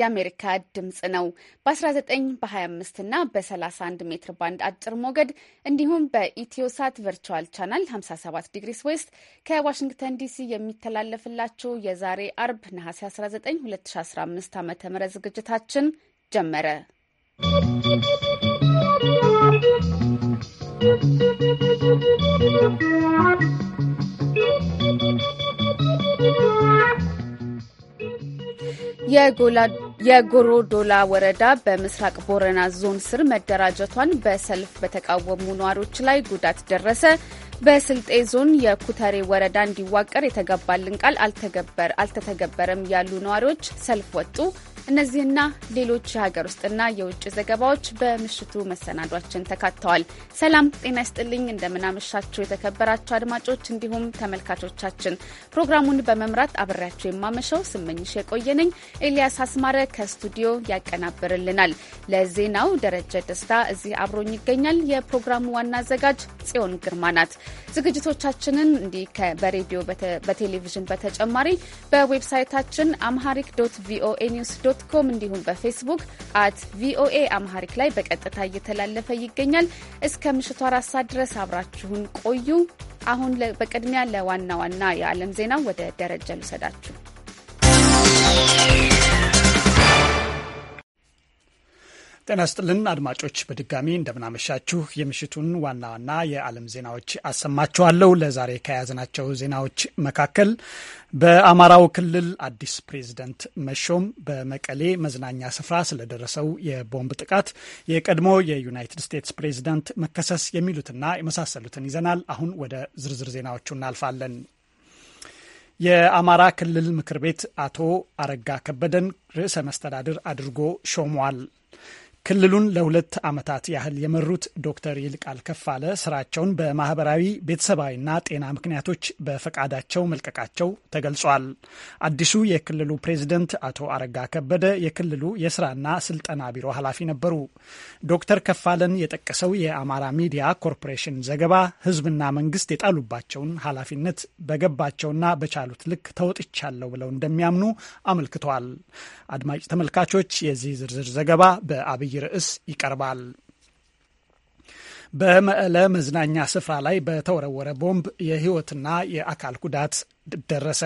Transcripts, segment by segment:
የአሜሪካ ድምፅ ነው። በ19 በ25 እና በ31 ሜትር ባንድ አጭር ሞገድ እንዲሁም በኢትዮሳት ቨርቹዋል ቻናል 57 ዲግሪስ ዌስት ከዋሽንግተን ዲሲ የሚተላለፍላችሁ የዛሬ አርብ ነሐሴ 19 2015 ዓ ም ዝግጅታችን ጀመረ። ¶¶ የጎሮዶላ ወረዳ በምስራቅ ቦረና ዞን ስር መደራጀቷን በሰልፍ በተቃወሙ ነዋሪዎች ላይ ጉዳት ደረሰ። በስልጤ ዞን የኩተሬ ወረዳ እንዲዋቀር የተገባልን ቃል አልተተገበረም ያሉ ነዋሪዎች ሰልፍ ወጡ። እነዚህና ሌሎች የሀገር ውስጥና የውጭ ዘገባዎች በምሽቱ መሰናዷችን ተካተዋል። ሰላም ጤና ይስጥልኝ። እንደምናመሻችሁ የተከበራችሁ አድማጮች እንዲሁም ተመልካቾቻችን፣ ፕሮግራሙን በመምራት አብሬያችሁ የማመሸው ስመኝሽ የቆየነኝ። ኤልያስ አስማረ ከስቱዲዮ ያቀናብርልናል። ለዜናው ደረጀ ደስታ እዚህ አብሮኝ ይገኛል። የፕሮግራሙ ዋና አዘጋጅ ጽዮን ግርማ ናት። ዝግጅቶቻችንን እንዲህ በሬዲዮ በቴሌቪዥን በተጨማሪ በዌብሳይታችን አምሃሪክ ዶት ቪኦኤ ኒውስ ዶት ዶት ኮም እንዲሁም በፌስቡክ አት ቪኦኤ አምሃሪክ ላይ በቀጥታ እየተላለፈ ይገኛል። እስከ ምሽቱ አራት ሰዓት ድረስ አብራችሁን ቆዩ። አሁን በቅድሚያ ለዋና ዋና የዓለም ዜና ወደ ደረጃ ልውሰዳችሁ። ጤና ስጥልን አድማጮች፣ በድጋሚ እንደምናመሻችሁ። የምሽቱን ዋና ዋና የዓለም ዜናዎች አሰማችኋለሁ። ለዛሬ ከያዝናቸው ዜናዎች መካከል በአማራው ክልል አዲስ ፕሬዝደንት መሾም፣ በመቀሌ መዝናኛ ስፍራ ስለደረሰው የቦምብ ጥቃት፣ የቀድሞ የዩናይትድ ስቴትስ ፕሬዝደንት መከሰስ የሚሉትና የመሳሰሉትን ይዘናል። አሁን ወደ ዝርዝር ዜናዎቹ እናልፋለን። የአማራ ክልል ምክር ቤት አቶ አረጋ ከበደን ርዕሰ መስተዳድር አድርጎ ሾሟል። ክልሉን ለሁለት ዓመታት ያህል የመሩት ዶክተር ይልቃል ከፋለ ስራቸውን በማህበራዊ ቤተሰባዊና ጤና ምክንያቶች በፈቃዳቸው መልቀቃቸው ተገልጿል። አዲሱ የክልሉ ፕሬዝደንት አቶ አረጋ ከበደ የክልሉ የስራና ስልጠና ቢሮ ኃላፊ ነበሩ። ዶክተር ከፋለን የጠቀሰው የአማራ ሚዲያ ኮርፖሬሽን ዘገባ ህዝብና መንግስት የጣሉባቸውን ኃላፊነት በገባቸውና በቻሉት ልክ ተወጥቻለሁ ብለው እንደሚያምኑ አመልክተዋል። አድማጭ ተመልካቾች የዚህ ዝርዝር ዘገባ በአብይ ርዕስ ይቀርባል። በመቀለ መዝናኛ ስፍራ ላይ በተወረወረ ቦምብ የሕይወትና የአካል ጉዳት ደረሰ።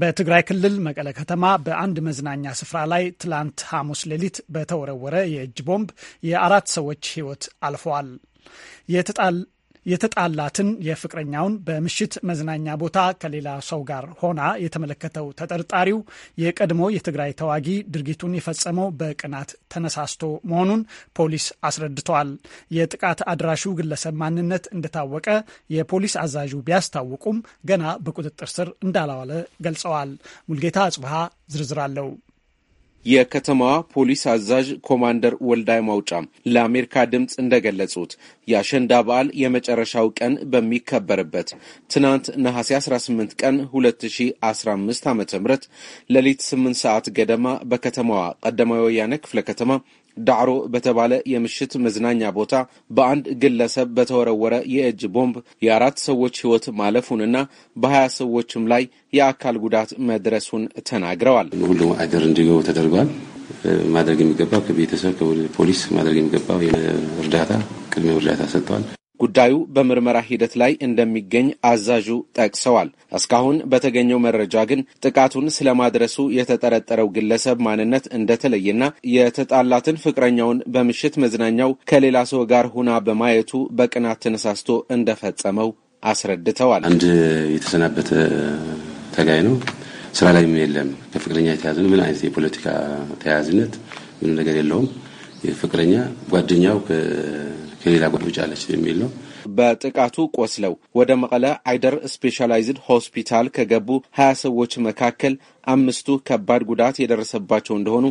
በትግራይ ክልል መቀለ ከተማ በአንድ መዝናኛ ስፍራ ላይ ትላንት ሐሙስ ሌሊት በተወረወረ የእጅ ቦምብ የአራት ሰዎች ሕይወት አልፈዋል። የተጣላትን የፍቅረኛውን በምሽት መዝናኛ ቦታ ከሌላ ሰው ጋር ሆና የተመለከተው ተጠርጣሪው የቀድሞ የትግራይ ተዋጊ ድርጊቱን የፈጸመው በቅናት ተነሳስቶ መሆኑን ፖሊስ አስረድተዋል። የጥቃት አድራሹ ግለሰብ ማንነት እንደታወቀ የፖሊስ አዛዡ ቢያስታውቁም ገና በቁጥጥር ስር እንዳላዋለ ገልጸዋል። ሙልጌታ አጽብሃ ዝርዝር አለው። የከተማዋ ፖሊስ አዛዥ ኮማንደር ወልዳይ ማውጫ ለአሜሪካ ድምፅ እንደገለጹት የአሸንዳ በዓል የመጨረሻው ቀን በሚከበርበት ትናንት ነሐሴ 18 ቀን 2015 ዓ ም ሌሊት 8 ሰዓት ገደማ በከተማዋ ቀዳማዊ ወያነ ክፍለ ከተማ ዳዕሮ በተባለ የምሽት መዝናኛ ቦታ በአንድ ግለሰብ በተወረወረ የእጅ ቦምብ የአራት ሰዎች ሕይወት ማለፉንና በሀያ ሰዎችም ላይ የአካል ጉዳት መድረሱን ተናግረዋል። ሁሉም አደር እንዲገቡ ተደርጓል። ማድረግ የሚገባው ከቤተሰብ ከፖሊስ ማድረግ የሚገባው እርዳታ ቅድመ እርዳታ ሰጥተዋል። ጉዳዩ በምርመራ ሂደት ላይ እንደሚገኝ አዛዡ ጠቅሰዋል። እስካሁን በተገኘው መረጃ ግን ጥቃቱን ስለማድረሱ የተጠረጠረው ግለሰብ ማንነት እንደተለየና የተጣላትን ፍቅረኛውን በምሽት መዝናኛው ከሌላ ሰው ጋር ሁና በማየቱ በቅናት ተነሳስቶ እንደፈጸመው አስረድተዋል። አንድ የተሰናበተ ተጋይ ነው። ስራ ላይም የለም። ከፍቅረኛ የተያዘ ምን አይነት የፖለቲካ ተያያዝነት ምንም ነገር የለውም። የፍቅረኛ ጓደኛው ከሌላ ጎድብጫለች የሚል ነው። በጥቃቱ ቆስለው ወደ መቀለ አይደር ስፔሻላይዝድ ሆስፒታል ከገቡ ሀያ ሰዎች መካከል አምስቱ ከባድ ጉዳት የደረሰባቸው እንደሆኑ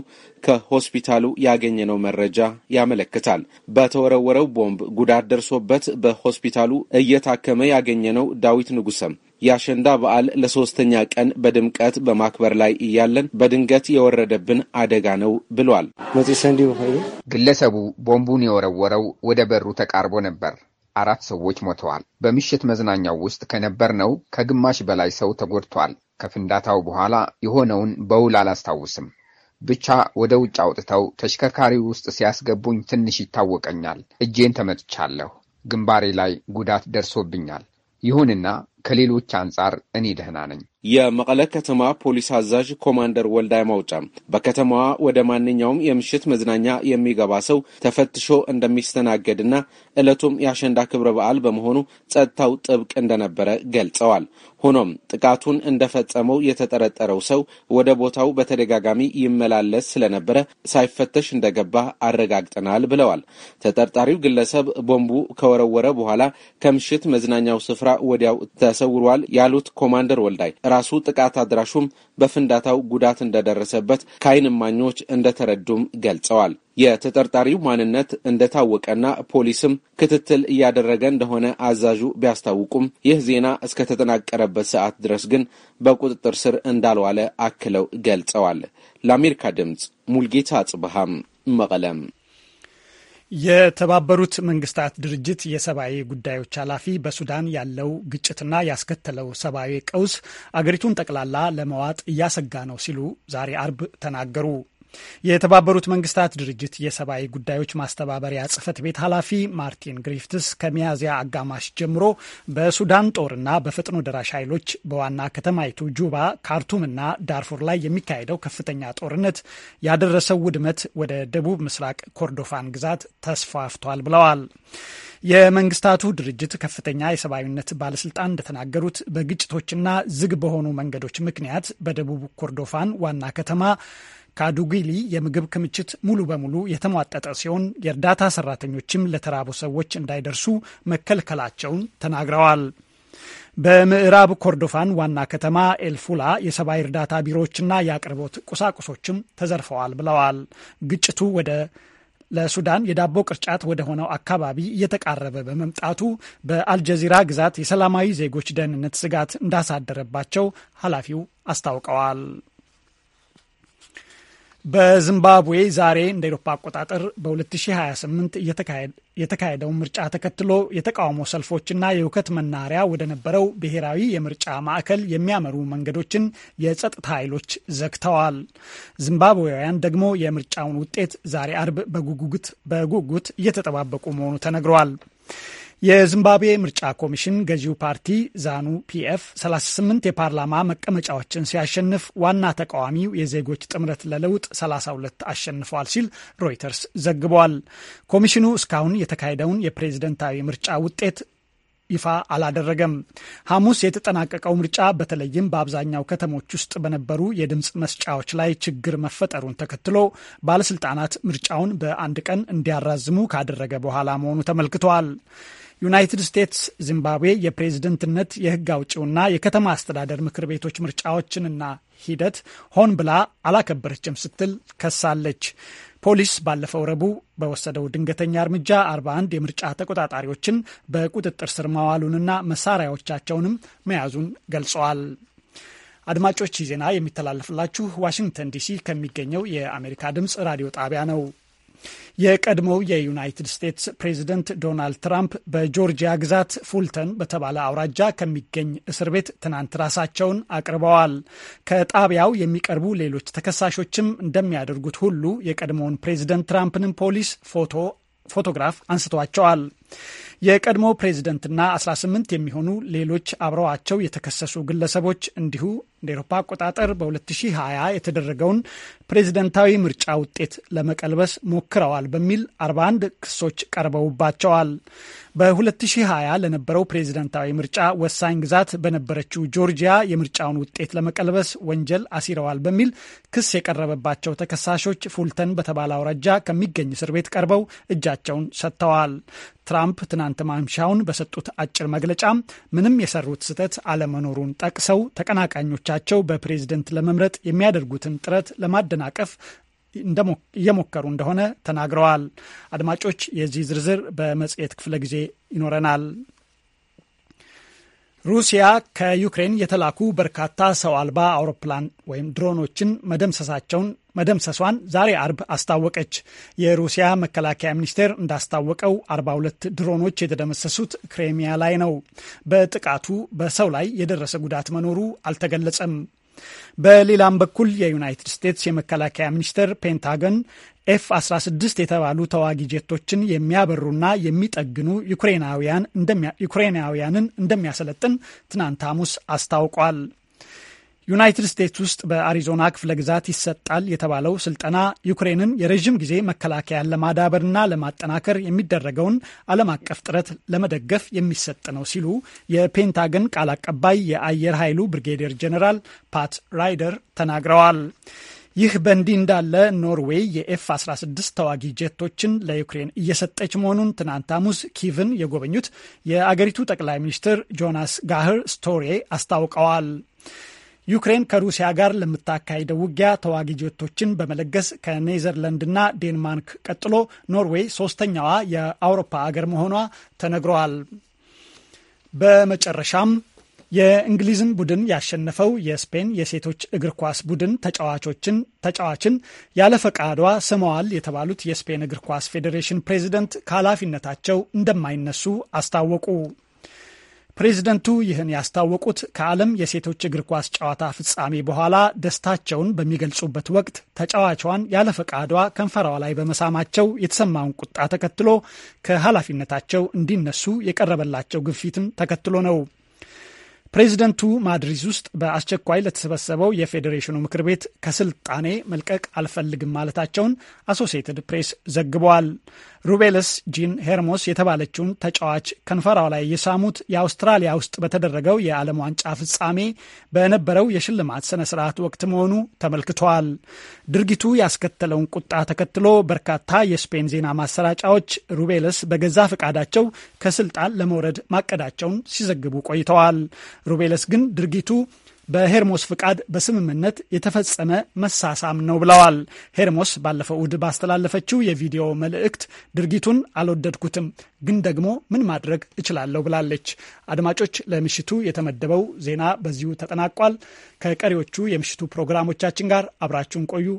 ከሆስፒታሉ ያገኘነው መረጃ ያመለክታል። በተወረወረው ቦምብ ጉዳት ደርሶበት በሆስፒታሉ እየታከመ ያገኘነው ዳዊት ንጉሰም የአሸንዳ በዓል ለሶስተኛ ቀን በድምቀት በማክበር ላይ እያለን በድንገት የወረደብን አደጋ ነው ብሏል። ግለሰቡ ቦምቡን የወረወረው ወደ በሩ ተቃርቦ ነበር። አራት ሰዎች ሞተዋል። በምሽት መዝናኛው ውስጥ ከነበር ነው ከግማሽ በላይ ሰው ተጎድቷል። ከፍንዳታው በኋላ የሆነውን በውል አላስታውስም። ብቻ ወደ ውጭ አውጥተው ተሽከርካሪ ውስጥ ሲያስገቡኝ ትንሽ ይታወቀኛል። እጄን ተመትቻለሁ። ግንባሬ ላይ ጉዳት ደርሶብኛል። ይሁንና ከሌሎች አንጻር እኔ ደህና ነኝ። የመቀለ ከተማ ፖሊስ አዛዥ ኮማንደር ወልዳይ ማውጫ በከተማዋ ወደ ማንኛውም የምሽት መዝናኛ የሚገባ ሰው ተፈትሾ እንደሚስተናገድና ዕለቱም የአሸንዳ ክብረ በዓል በመሆኑ ጸጥታው ጥብቅ እንደነበረ ገልጸዋል። ሆኖም ጥቃቱን እንደፈጸመው የተጠረጠረው ሰው ወደ ቦታው በተደጋጋሚ ይመላለስ ስለነበረ ሳይፈተሽ እንደገባ አረጋግጠናል ብለዋል። ተጠርጣሪው ግለሰብ ቦምቡ ከወረወረ በኋላ ከምሽት መዝናኛው ስፍራ ወዲያው ተስ ተሰውሯል ያሉት ኮማንደር ወልዳይ ራሱ ጥቃት አድራሹም በፍንዳታው ጉዳት እንደደረሰበት ከዓይን እማኞች እንደተረዱም ገልጸዋል። የተጠርጣሪው ማንነት እንደታወቀና ፖሊስም ክትትል እያደረገ እንደሆነ አዛዡ ቢያስታውቁም ይህ ዜና እስከተጠናቀረበት ሰዓት ድረስ ግን በቁጥጥር ስር እንዳልዋለ አክለው ገልጸዋል። ለአሜሪካ ድምፅ ሙልጌታ አጽብሃም መቀለም የተባበሩት መንግስታት ድርጅት የሰብአዊ ጉዳዮች ኃላፊ በሱዳን ያለው ግጭትና ያስከተለው ሰብአዊ ቀውስ አገሪቱን ጠቅላላ ለመዋጥ እያሰጋ ነው ሲሉ ዛሬ አርብ ተናገሩ። የተባበሩት መንግስታት ድርጅት የሰብአዊ ጉዳዮች ማስተባበሪያ ጽህፈት ቤት ኃላፊ ማርቲን ግሪፍትስ ከሚያዝያ አጋማሽ ጀምሮ በሱዳን ጦርና በፈጥኖ ደራሽ ኃይሎች በዋና ከተማይቱ ጁባ፣ ካርቱምና ዳርፉር ላይ የሚካሄደው ከፍተኛ ጦርነት ያደረሰው ውድመት ወደ ደቡብ ምስራቅ ኮርዶፋን ግዛት ተስፋፍቷል ብለዋል። የመንግስታቱ ድርጅት ከፍተኛ የሰብአዊነት ባለስልጣን እንደተናገሩት በግጭቶችና ዝግ በሆኑ መንገዶች ምክንያት በደቡብ ኮርዶፋን ዋና ከተማ ካዱጉሊ የምግብ ክምችት ሙሉ በሙሉ የተሟጠጠ ሲሆን የእርዳታ ሰራተኞችም ለተራቡ ሰዎች እንዳይደርሱ መከልከላቸውን ተናግረዋል። በምዕራብ ኮርዶፋን ዋና ከተማ ኤልፉላ የሰብአዊ እርዳታ ቢሮዎችና የአቅርቦት ቁሳቁሶችም ተዘርፈዋል ብለዋል። ግጭቱ ወደ ለሱዳን የዳቦ ቅርጫት ወደ ሆነው አካባቢ እየተቃረበ በመምጣቱ በአልጀዚራ ግዛት የሰላማዊ ዜጎች ደህንነት ስጋት እንዳሳደረባቸው ኃላፊው አስታውቀዋል። በዚምባብዌ ዛሬ እንደ ኤሮፓ አቆጣጠር በ2028 የተካሄደው ምርጫ ተከትሎ የተቃውሞ ሰልፎችና የውከት መናኸሪያ ወደ ነበረው ብሔራዊ የምርጫ ማዕከል የሚያመሩ መንገዶችን የጸጥታ ኃይሎች ዘግተዋል። ዚምባብዌውያን ደግሞ የምርጫውን ውጤት ዛሬ አርብ በጉጉት እየተጠባበቁ መሆኑ ተነግረዋል። የዚምባብዌ ምርጫ ኮሚሽን ገዢው ፓርቲ ዛኑ ፒኤፍ 38 የፓርላማ መቀመጫዎችን ሲያሸንፍ ዋና ተቃዋሚው የዜጎች ጥምረት ለለውጥ 32 አሸንፏል ሲል ሮይተርስ ዘግቧል። ኮሚሽኑ እስካሁን የተካሄደውን የፕሬዝደንታዊ ምርጫ ውጤት ይፋ አላደረገም። ሐሙስ የተጠናቀቀው ምርጫ በተለይም በአብዛኛው ከተሞች ውስጥ በነበሩ የድምፅ መስጫዎች ላይ ችግር መፈጠሩን ተከትሎ ባለስልጣናት ምርጫውን በአንድ ቀን እንዲያራዝሙ ካደረገ በኋላ መሆኑ ተመልክተዋል። ዩናይትድ ስቴትስ ዚምባብዌ የፕሬዝደንትነት የህግ አውጪውና የከተማ አስተዳደር ምክር ቤቶች ምርጫዎችንና ሂደት ሆን ብላ አላከበረችም ስትል ከሳለች። ፖሊስ ባለፈው ረቡዕ በወሰደው ድንገተኛ እርምጃ 41 የምርጫ ተቆጣጣሪዎችን በቁጥጥር ስር መዋሉንና መሳሪያዎቻቸውንም መያዙን ገልጸዋል። አድማጮች፣ ዜና የሚተላለፍላችሁ ዋሽንግተን ዲሲ ከሚገኘው የአሜሪካ ድምፅ ራዲዮ ጣቢያ ነው። የቀድሞው የዩናይትድ ስቴትስ ፕሬዚደንት ዶናልድ ትራምፕ በጆርጂያ ግዛት ፉልተን በተባለ አውራጃ ከሚገኝ እስር ቤት ትናንት ራሳቸውን አቅርበዋል። ከጣቢያው የሚቀርቡ ሌሎች ተከሳሾችም እንደሚያደርጉት ሁሉ የቀድሞውን ፕሬዚደንት ትራምፕንም ፖሊስ ፎቶ ፎቶግራፍ አንስቷቸዋል። የቀድሞ ፕሬዝደንትና 18 የሚሆኑ ሌሎች አብረዋቸው የተከሰሱ ግለሰቦች እንዲሁ እንደ ኤሮፓ አቆጣጠር በ2020 የተደረገውን ፕሬዝደንታዊ ምርጫ ውጤት ለመቀልበስ ሞክረዋል በሚል 41 ክሶች ቀርበውባቸዋል። በ2020 ለነበረው ፕሬዝደንታዊ ምርጫ ወሳኝ ግዛት በነበረችው ጆርጂያ የምርጫውን ውጤት ለመቀልበስ ወንጀል አሲረዋል በሚል ክስ የቀረበባቸው ተከሳሾች ፉልተን በተባለ አውራጃ ከሚገኝ እስር ቤት ቀርበው እጃቸውን ሰጥተዋል። ትራምፕ ትናንት ማምሻውን በሰጡት አጭር መግለጫ ምንም የሰሩት ስህተት አለመኖሩን ጠቅሰው ተቀናቃኞቻቸው በፕሬዝደንት ለመምረጥ የሚያደርጉትን ጥረት ለማደናቀፍ እየሞከሩ እንደሆነ ተናግረዋል። አድማጮች፣ የዚህ ዝርዝር በመጽሔት ክፍለ ጊዜ ይኖረናል። ሩሲያ ከዩክሬን የተላኩ በርካታ ሰው አልባ አውሮፕላን ወይም ድሮኖችን መደምሰሳቸውን መደምሰሷን ዛሬ አርብ አስታወቀች። የሩሲያ መከላከያ ሚኒስቴር እንዳስታወቀው 42 ድሮኖች የተደመሰሱት ክሬሚያ ላይ ነው። በጥቃቱ በሰው ላይ የደረሰ ጉዳት መኖሩ አልተገለጸም። በሌላም በኩል የዩናይትድ ስቴትስ የመከላከያ ሚኒስቴር ፔንታገን ኤፍ 16 የተባሉ ተዋጊ ጄቶችን የሚያበሩና የሚጠግኑ ዩክሬናውያንን እንደሚያሰለጥን ትናንት ሐሙስ አስታውቋል። ዩናይትድ ስቴትስ ውስጥ በአሪዞና ክፍለ ግዛት ይሰጣል የተባለው ስልጠና ዩክሬንን የረዥም ጊዜ መከላከያን ለማዳበርና ለማጠናከር የሚደረገውን ዓለም አቀፍ ጥረት ለመደገፍ የሚሰጥ ነው ሲሉ የፔንታገን ቃል አቀባይ የአየር ኃይሉ ብሪጌዲየር ጀኔራል ፓት ራይደር ተናግረዋል። ይህ በእንዲህ እንዳለ ኖርዌይ የኤፍ 16 ተዋጊ ጀቶችን ለዩክሬን እየሰጠች መሆኑን ትናንት ሐሙስ ኪቭን የጎበኙት የአገሪቱ ጠቅላይ ሚኒስትር ጆናስ ጋህር ስቶሬ አስታውቀዋል። ዩክሬን ከሩሲያ ጋር ለምታካሄደው ውጊያ ተዋጊ ጀቶችን በመለገስ ከኔዘርላንድና ዴንማርክ ቀጥሎ ኖርዌይ ሶስተኛዋ የአውሮፓ አገር መሆኗ ተነግረዋል። በመጨረሻም የእንግሊዝን ቡድን ያሸነፈው የስፔን የሴቶች እግር ኳስ ቡድን ተጫዋቾችን ተጫዋችን ያለ ፈቃዷ ስመዋል የተባሉት የስፔን እግር ኳስ ፌዴሬሽን ፕሬዚደንት ከኃላፊነታቸው እንደማይነሱ አስታወቁ። ፕሬዝደንቱ ይህን ያስታወቁት ከዓለም የሴቶች እግር ኳስ ጨዋታ ፍጻሜ በኋላ ደስታቸውን በሚገልጹበት ወቅት ተጫዋቿን ያለ ፈቃዷ ከንፈሯ ላይ በመሳማቸው የተሰማውን ቁጣ ተከትሎ ከኃላፊነታቸው እንዲነሱ የቀረበላቸው ግፊትም ተከትሎ ነው። ፕሬዚደንቱ ማድሪድ ውስጥ በአስቸኳይ ለተሰበሰበው የፌዴሬሽኑ ምክር ቤት ከስልጣኔ መልቀቅ አልፈልግም ማለታቸውን አሶሲየትድ ፕሬስ ዘግቧል። ሩቤለስ ጂን ሄርሞስ የተባለችውን ተጫዋች ከንፈራው ላይ የሳሙት የአውስትራሊያ ውስጥ በተደረገው የዓለም ዋንጫ ፍጻሜ በነበረው የሽልማት ስነ ስርዓት ወቅት መሆኑ ተመልክቷል። ድርጊቱ ያስከተለውን ቁጣ ተከትሎ በርካታ የስፔን ዜና ማሰራጫዎች ሩቤለስ በገዛ ፈቃዳቸው ከስልጣን ለመውረድ ማቀዳቸውን ሲዘግቡ ቆይተዋል። ሩቤለስ ግን ድርጊቱ በሄርሞስ ፍቃድ በስምምነት የተፈጸመ መሳሳም ነው ብለዋል። ሄርሞስ ባለፈው እሁድ ባስተላለፈችው የቪዲዮ መልእክት ድርጊቱን አልወደድኩትም፣ ግን ደግሞ ምን ማድረግ እችላለሁ ብላለች። አድማጮች፣ ለምሽቱ የተመደበው ዜና በዚሁ ተጠናቋል። ከቀሪዎቹ የምሽቱ ፕሮግራሞቻችን ጋር አብራችሁን ቆዩ።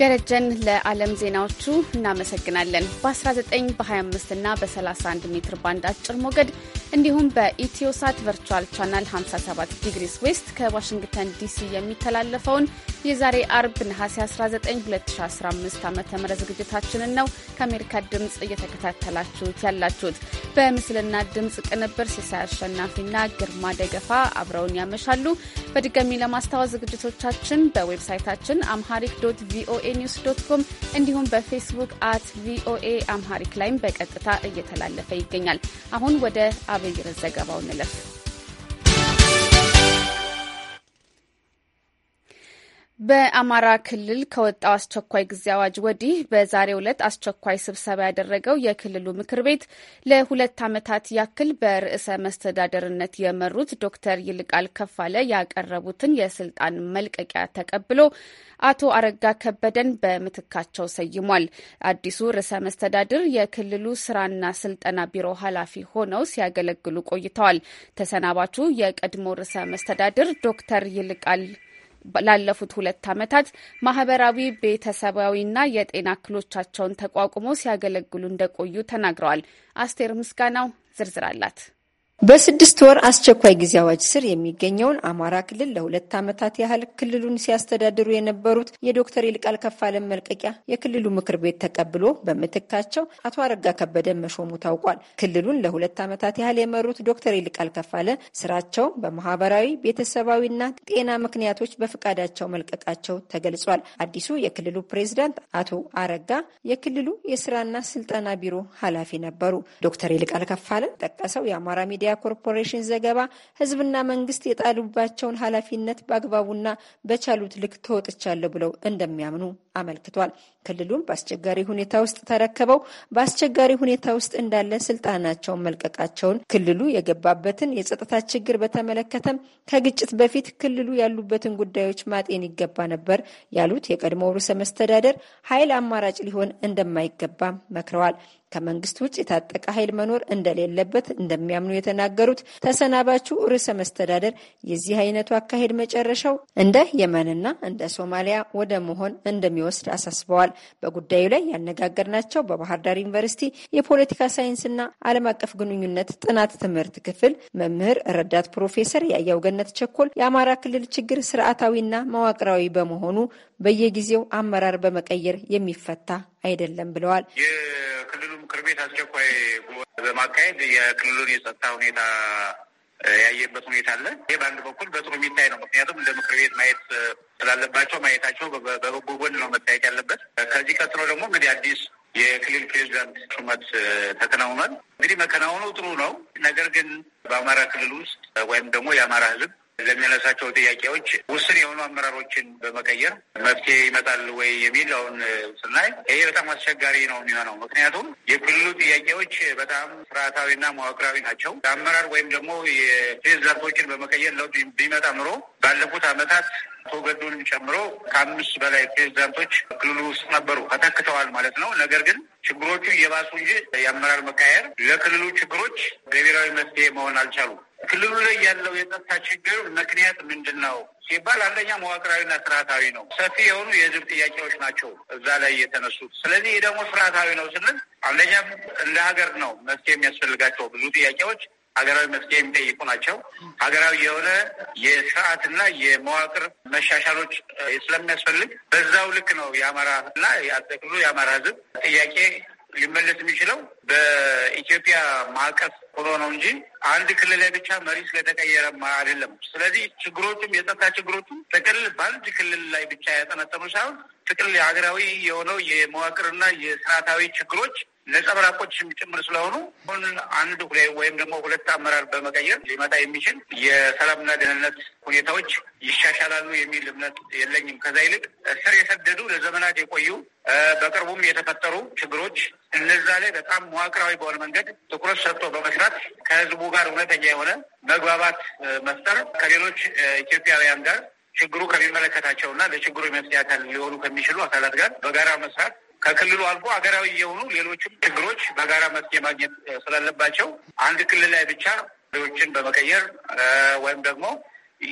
ደረጀን ለዓለም ዜናዎቹ እናመሰግናለን። በ19 በ25 እና በ31 ሜትር ባንድ አጭር ሞገድ እንዲሁም በኢትዮሳት ቨርቹዋል ቻናል 57 ዲግሪስ ዌስት ከዋሽንግተን ዲሲ የሚተላለፈውን የዛሬ አርብ ነሐሴ 19 2015 ዓ ም ዝግጅታችንን ነው ከአሜሪካ ድምፅ እየተከታተላችሁት ያላችሁት። በምስልና ድምፅ ቅንብር ሲሳይ አሸናፊና ግርማ ደገፋ አብረውን ያመሻሉ። በድጋሚ ለማስታወስ ዝግጅቶቻችን በዌብሳይታችን አምሃሪክ ዶት ቪኦኤ ቪኦኤ ኒውስ ዶት ኮም እንዲሁም በፌስቡክ አት ቪኦኤ አምሃሪክ ላይም በቀጥታ እየተላለፈ ይገኛል። አሁን ወደ አብይ ዘገባው እንለፍ። በአማራ ክልል ከወጣው አስቸኳይ ጊዜ አዋጅ ወዲህ በዛሬው ዕለት አስቸኳይ ስብሰባ ያደረገው የክልሉ ምክር ቤት ለሁለት ዓመታት ያክል በርዕሰ መስተዳደርነት የመሩት ዶክተር ይልቃል ከፋለ ያቀረቡትን የስልጣን መልቀቂያ ተቀብሎ አቶ አረጋ ከበደን በምትካቸው ሰይሟል። አዲሱ ርዕሰ መስተዳድር የክልሉ ስራና ስልጠና ቢሮ ኃላፊ ሆነው ሲያገለግሉ ቆይተዋል። ተሰናባቹ የቀድሞ ርዕሰ መስተዳድር ዶክተር ይልቃል ላለፉት ሁለት ዓመታት ማህበራዊ ቤተሰባዊና የጤና እክሎቻቸውን ተቋቁሞ ሲያገለግሉ እንደቆዩ ተናግረዋል። አስቴር ምስጋናው ዝርዝር አላት። በስድስት ወር አስቸኳይ ጊዜ አዋጅ ስር የሚገኘውን አማራ ክልል ለሁለት ዓመታት ያህል ክልሉን ሲያስተዳድሩ የነበሩት የዶክተር ይልቃል ከፋለን መልቀቂያ የክልሉ ምክር ቤት ተቀብሎ በምትካቸው አቶ አረጋ ከበደ መሾሙ ታውቋል። ክልሉን ለሁለት ዓመታት ያህል የመሩት ዶክተር ይልቃል ከፋለ ስራቸው በማህበራዊ ቤተሰባዊና ጤና ምክንያቶች በፈቃዳቸው መልቀቃቸው ተገልጿል። አዲሱ የክልሉ ፕሬዝዳንት አቶ አረጋ የክልሉ የስራና ስልጠና ቢሮ ኃላፊ ነበሩ። ዶክተር ይልቃል ከፋለን ጠቀሰው የአማራ ሚዲያ ሚዲያ ኮርፖሬሽን ዘገባ ህዝብና መንግስት የጣሉባቸውን ኃላፊነት በአግባቡና በቻሉት ልክ ተወጥቻለሁ ብለው እንደሚያምኑ አመልክቷል። ክልሉም በአስቸጋሪ ሁኔታ ውስጥ ተረከበው በአስቸጋሪ ሁኔታ ውስጥ እንዳለ ስልጣናቸውን መልቀቃቸውን ክልሉ የገባበትን የጸጥታ ችግር በተመለከተም ከግጭት በፊት ክልሉ ያሉበትን ጉዳዮች ማጤን ይገባ ነበር ያሉት የቀድሞ ርዕሰ መስተዳደር ኃይል አማራጭ ሊሆን እንደማይገባ መክረዋል። ከመንግስት ውጭ የታጠቀ ኃይል መኖር እንደሌለበት እንደሚያምኑ የተናገሩት ተሰናባቹ ርዕሰ መስተዳደር የዚህ አይነቱ አካሄድ መጨረሻው እንደ የመንና እንደ ሶማሊያ ወደ መሆን እንደሚወስድ አሳስበዋል። በጉዳዩ ላይ ያነጋገርናቸው በባህር ዳር ዩኒቨርሲቲ የፖለቲካ ሳይንስና ዓለም አቀፍ ግንኙነት ጥናት ትምህርት ክፍል መምህር ረዳት ፕሮፌሰር ያየው ገነት ቸኮል የአማራ ክልል ችግር ስርዓታዊና መዋቅራዊ በመሆኑ በየጊዜው አመራር በመቀየር የሚፈታ አይደለም ብለዋል። የክልሉ ምክር ቤት አስቸኳይ በማካሄድ የክልሉን የጸጥታ ሁኔታ ያየበት ሁኔታ አለ። ይህ በአንድ በኩል በጥሩ የሚታይ ነው። ምክንያቱም እንደ ምክር ቤት ማየት ስላለባቸው ማየታቸው በበጎ ጎን ነው መታየት ያለበት። ከዚህ ቀጥሎ ደግሞ እንግዲህ አዲስ የክልል ፕሬዚዳንት ሹመት ተከናውኗል። እንግዲህ መከናወኑ ጥሩ ነው። ነገር ግን በአማራ ክልል ውስጥ ወይም ደግሞ የአማራ ሕዝብ ለሚያነሳቸው ጥያቄዎች ውስን የሆኑ አመራሮችን በመቀየር መፍትሄ ይመጣል ወይ አሁን ስናይ ይሄ በጣም አስቸጋሪ ነው የሚሆነው። ምክንያቱም የክልሉ ጥያቄዎች በጣም ስርዓታዊና መዋቅራዊ ናቸው። አመራር ወይም ደግሞ የፌዝ በመቀየር ለውጥ ቢመጣ ምሮ ባለፉት ዓመታት አቶ ገዱን ጨምሮ ከአምስት በላይ ፕሬዚዳንቶች ክልሉ ውስጥ ነበሩ፣ ተተክተዋል ማለት ነው። ነገር ግን ችግሮቹ እየባሱ እንጂ የአመራር መካሄድ ለክልሉ ችግሮች በብሔራዊ መፍትሄ መሆን አልቻሉም። ክልሉ ላይ ያለው የጸጥታ ችግር ምክንያት ምንድን ነው ሲባል አንደኛ መዋቅራዊና ስርዓታዊ ነው። ሰፊ የሆኑ የህዝብ ጥያቄዎች ናቸው እዛ ላይ የተነሱት። ስለዚህ ይህ ደግሞ ስርዓታዊ ነው ስንል አንደኛ እንደ ሀገር ነው መፍትሄ የሚያስፈልጋቸው ብዙ ጥያቄዎች ሀገራዊ መፍትሄ የሚጠይቁ ናቸው። ሀገራዊ የሆነ የስርዓትና የመዋቅር መሻሻሎች ስለሚያስፈልግ በዛው ልክ ነው የአማራ እና አጠቅሎ የአማራ ህዝብ ጥያቄ ሊመለስ የሚችለው በኢትዮጵያ ማዕቀፍ ሆኖ ነው እንጂ አንድ ክልል ላይ ብቻ መሪ ስለተቀየረ አይደለም። ስለዚህ ችግሮቹም የጸጥታ ችግሮቹ ጥቅል በአንድ ክልል ላይ ብቻ ያጠነጠኑ ሳይሆን ጥቅል ሀገራዊ የሆነው የመዋቅርና የስርዓታዊ ችግሮች ነጸብራቆች ጭምር ስለሆኑ አሁን አንድ ወይም ደግሞ ሁለት አመራር በመቀየር ሊመጣ የሚችል የሰላምና ደህንነት ሁኔታዎች ይሻሻላሉ የሚል እምነት የለኝም። ከዛ ይልቅ ስር የሰደዱ ለዘመናት የቆዩ በቅርቡም የተፈጠሩ ችግሮች እነዛ ላይ በጣም መዋቅራዊ በሆነ መንገድ ትኩረት ሰጥቶ በመስራት ከህዝቡ ጋር እውነተኛ የሆነ መግባባት መፍጠር ከሌሎች ኢትዮጵያውያን ጋር ችግሩ ከሚመለከታቸውና ለችግሩ መፍትሄ ሊሆኑ ከሚችሉ አካላት ጋር በጋራ መስራት ከክልሉ አልፎ ሀገራዊ የሆኑ ሌሎችም ችግሮች በጋራ መፍትሄ ማግኘት ስላለባቸው አንድ ክልል ላይ ብቻ ዎችን በመቀየር ወይም ደግሞ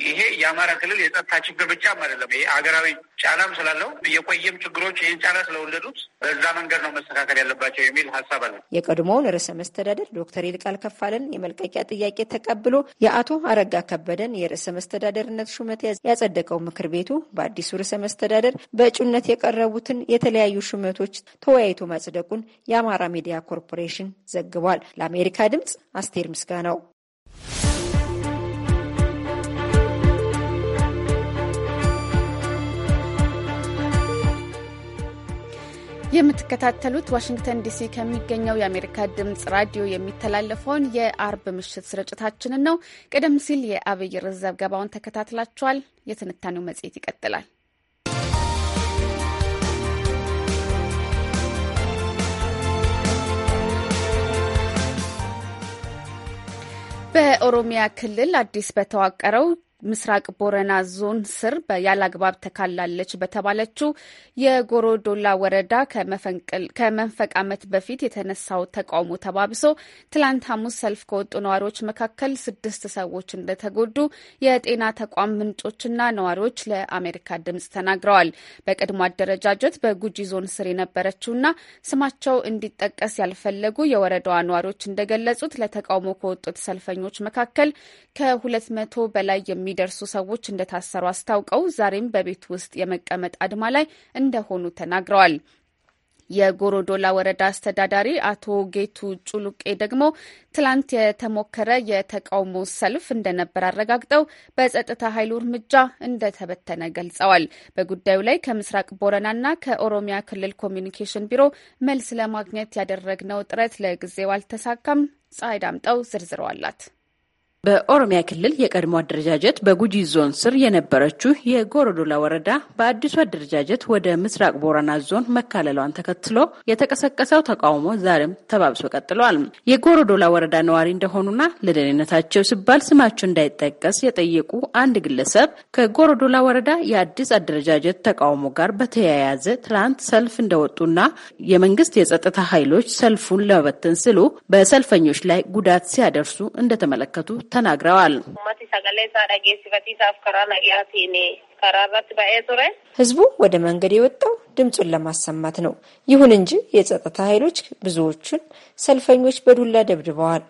ይሄ የአማራ ክልል የጸጥታ ችግር ብቻም አይደለም። ይሄ ሀገራዊ ጫናም ስላለው የቆየም ችግሮች ይህን ጫና ስለወለዱት በዛ መንገድ ነው መስተካከል ያለባቸው የሚል ሀሳብ አለ። የቀድሞውን ርዕሰ መስተዳደር ዶክተር ይልቃል ከፋለን የመልቀቂያ ጥያቄ ተቀብሎ የአቶ አረጋ ከበደን የርዕሰ መስተዳደርነት ሹመት ያጸደቀው ምክር ቤቱ በአዲሱ ርዕሰ መስተዳደር በእጩነት የቀረቡትን የተለያዩ ሹመቶች ተወያይቶ ማጽደቁን የአማራ ሚዲያ ኮርፖሬሽን ዘግቧል። ለአሜሪካ ድምጽ አስቴር ምስጋናው የምትከታተሉት ዋሽንግተን ዲሲ ከሚገኘው የአሜሪካ ድምፅ ራዲዮ የሚተላለፈውን የአርብ ምሽት ስርጭታችንን ነው። ቀደም ሲል የአብይ ርዕስ ዘገባውን ተከታትላችኋል። የትንታኔው መጽሔት ይቀጥላል። በኦሮሚያ ክልል አዲስ በተዋቀረው ምስራቅ ቦረና ዞን ስር ያላግባብ ተካላለች በተባለችው የጎሮዶላ ወረዳ ከመንፈቅ ዓመት በፊት የተነሳው ተቃውሞ ተባብሶ ትላንት ሐሙስ ሰልፍ ከወጡ ነዋሪዎች መካከል ስድስት ሰዎች እንደተጎዱ የጤና ተቋም ምንጮችና ነዋሪዎች ለአሜሪካ ድምጽ ተናግረዋል። በቅድሞ አደረጃጀት በጉጂ ዞን ስር የነበረችውና ስማቸው እንዲጠቀስ ያልፈለጉ የወረዳዋ ነዋሪዎች እንደገለጹት ለተቃውሞ ከወጡት ሰልፈኞች መካከል ከሁለት መቶ በላይ የሚ የሚደርሱ ሰዎች እንደታሰሩ አስታውቀው ዛሬም በቤት ውስጥ የመቀመጥ አድማ ላይ እንደሆኑ ተናግረዋል። የጎሮዶላ ወረዳ አስተዳዳሪ አቶ ጌቱ ጩሉቄ ደግሞ ትላንት የተሞከረ የተቃውሞ ሰልፍ እንደነበር አረጋግጠው በጸጥታ ኃይሉ እርምጃ እንደተበተነ ገልጸዋል። በጉዳዩ ላይ ከምስራቅ ቦረናና ከኦሮሚያ ክልል ኮሚኒኬሽን ቢሮ መልስ ለማግኘት ያደረግነው ጥረት ለጊዜው አልተሳካም። ፀሐይ ዳምጠው ዝርዝረዋላት። በኦሮሚያ ክልል የቀድሞ አደረጃጀት በጉጂ ዞን ስር የነበረችው የጎረዶላ ወረዳ በአዲሱ አደረጃጀት ወደ ምስራቅ ቦረና ዞን መካለሏን ተከትሎ የተቀሰቀሰው ተቃውሞ ዛሬም ተባብሶ ቀጥሏል። የጎረዶላ ወረዳ ነዋሪ እንደሆኑና ለደህንነታቸው ሲባል ስማቸው እንዳይጠቀስ የጠየቁ አንድ ግለሰብ ከጎረዶላ ወረዳ የአዲስ አደረጃጀት ተቃውሞ ጋር በተያያዘ ትላንት ሰልፍ እንደወጡና የመንግስት የጸጥታ ኃይሎች ሰልፉን ለመበተን ስሉ በሰልፈኞች ላይ ጉዳት ሲያደርሱ እንደተመለከቱ ተናግረዋል። ህዝቡ ወደ መንገድ የወጣው ድምፁን ለማሰማት ነው። ይሁን እንጂ የጸጥታ ኃይሎች ብዙዎቹን ሰልፈኞች በዱላ ደብድበዋል።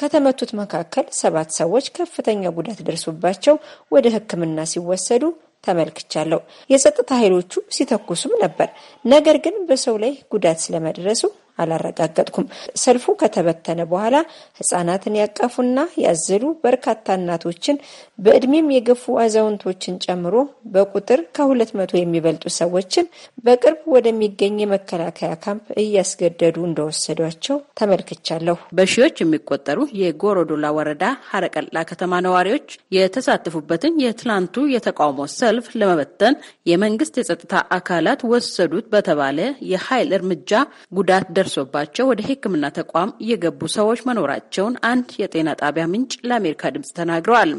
ከተመቱት መካከል ሰባት ሰዎች ከፍተኛ ጉዳት ደርሶባቸው ወደ ሕክምና ሲወሰዱ ተመልክቻለሁ። የጸጥታ ኃይሎቹ ሲተኩሱም ነበር። ነገር ግን በሰው ላይ ጉዳት ስለመድረሱ አላረጋገጥኩም። ሰልፉ ከተበተነ በኋላ ህጻናትን ያቀፉና ያዘሉ በርካታ እናቶችን በእድሜም የገፉ አዛውንቶችን ጨምሮ በቁጥር ከሁለት መቶ የሚበልጡ ሰዎችን በቅርብ ወደሚገኝ የመከላከያ ካምፕ እያስገደዱ እንደወሰዷቸው ተመልክቻለሁ። በሺዎች የሚቆጠሩ የጎሮዶላ ወረዳ ሀረቀላ ከተማ ነዋሪዎች የተሳተፉበትን የትላንቱ የተቃውሞ ሰልፍ ለመበተን የመንግስት የጸጥታ አካላት ወሰዱት በተባለ የኃይል እርምጃ ጉዳት ደርሷል ደርሶባቸው ወደ ሕክምና ተቋም የገቡ ሰዎች መኖራቸውን አንድ የጤና ጣቢያ ምንጭ ለአሜሪካ ድምጽ ተናግረዋል።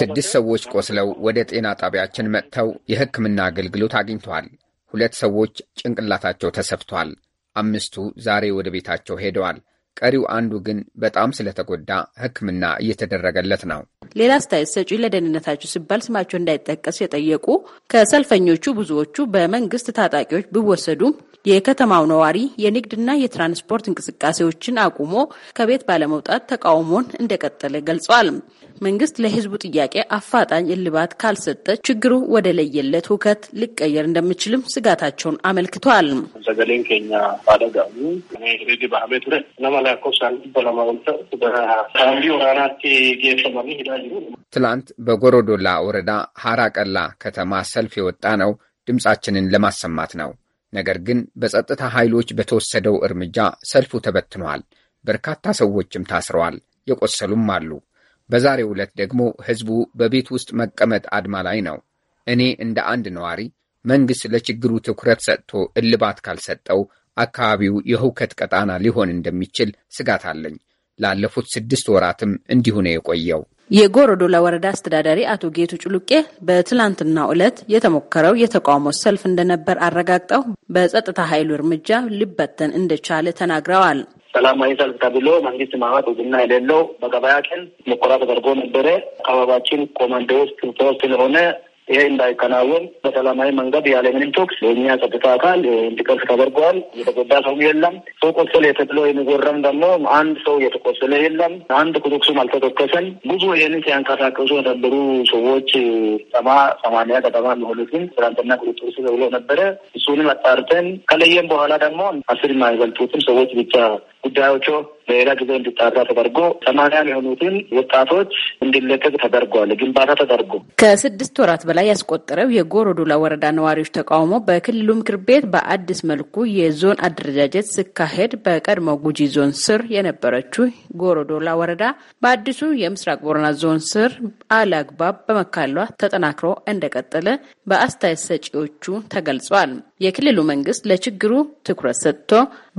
ስድስት ሰዎች ቆስለው ወደ ጤና ጣቢያችን መጥተው የሕክምና አገልግሎት አግኝተዋል። ሁለት ሰዎች ጭንቅላታቸው ተሰፍቷል። አምስቱ ዛሬ ወደ ቤታቸው ሄደዋል። ቀሪው አንዱ ግን በጣም ስለተጎዳ ሕክምና እየተደረገለት ነው። ሌላ አስተያየት ሰጪ ለደህንነታቸው ሲባል ስማቸው እንዳይጠቀስ የጠየቁ ከሰልፈኞቹ ብዙዎቹ በመንግስት ታጣቂዎች ቢወሰዱም የከተማው ነዋሪ የንግድና የትራንስፖርት እንቅስቃሴዎችን አቁሞ ከቤት ባለመውጣት ተቃውሞን እንደቀጠለ ገልጿል። መንግስት ለህዝቡ ጥያቄ አፋጣኝ እልባት ካልሰጠ ችግሩ ወደ ለየለት ሁከት ሊቀየር እንደሚችልም ስጋታቸውን አመልክተዋል። ትላንት በጎሮዶላ ወረዳ ሀራቀላ ከተማ ሰልፍ የወጣ ነው ድምፃችንን ለማሰማት ነው። ነገር ግን በጸጥታ ኃይሎች በተወሰደው እርምጃ ሰልፉ ተበትኗል። በርካታ ሰዎችም ታስረዋል። የቆሰሉም አሉ። በዛሬው ዕለት ደግሞ ህዝቡ በቤት ውስጥ መቀመጥ አድማ ላይ ነው። እኔ እንደ አንድ ነዋሪ መንግሥት ለችግሩ ትኩረት ሰጥቶ እልባት ካልሰጠው አካባቢው የህውከት ቀጣና ሊሆን እንደሚችል ስጋት አለኝ። ላለፉት ስድስት ወራትም እንዲሁ ነው የቆየው። የጎረዶላ ወረዳ አስተዳዳሪ አቶ ጌቱ ጭሉቄ በትላንትናው ዕለት የተሞከረው የተቃውሞ ሰልፍ እንደነበር አረጋግጠው በጸጥታ ኃይሉ እርምጃ ሊበተን እንደቻለ ተናግረዋል። ሰላማዊ ሰልፍ ተብሎ መንግስት ማለት እውቅና የሌለው በገበያ ቀን ሙከራ ተደርጎ ነበረ። አካባቢያችን ኮማንዶዎች ውስጥ ስለሆነ ይሄ እንዳይከናወን በሰላማዊ መንገድ ያለምንም ቶክስ የእኛ ጸጥታ አካል እንዲቀርፍ ተደርጓል። የተጎዳ ሰው የለም። ሰው ቆሰለ ተብሎ የሚጎረም ደግሞ አንድ ሰው የተቆሰለ የለም። አንድ ቁጥቅሱም አልተተከሰም። ብዙ ይህን ሲያንቀሳቀሱ የነበሩ ሰዎች ሰማ ሰማንያ ከተማ የሚሆኑትን ትናንትና ቁጥጥር ስር ብሎ ነበረ። እሱንም አጣርተን ከለየም በኋላ ደግሞ አስር የማይበልጡትም ሰዎች ብቻ ጉዳዮቹ በሌላ ጊዜ እንዲጣራ ተደርጎ ሰማንያ የሆኑትን ወጣቶች እንዲለቀቅ ተደርጓል። ግንባታ ተደርጎ ከስድስት ወራት በላይ ያስቆጠረው የጎሮዶላ ወረዳ ነዋሪዎች ተቃውሞ በክልሉ ምክር ቤት በአዲስ መልኩ የዞን አደረጃጀት ሲካሄድ በቀድሞ ጉጂ ዞን ስር የነበረችው ጎሮዶላ ወረዳ በአዲሱ የምስራቅ ቦረና ዞን ስር አላግባብ በመካሏ ተጠናክሮ እንደቀጠለ በአስተያየት ሰጪዎቹ ተገልጿል። የክልሉ መንግስት ለችግሩ ትኩረት ሰጥቶ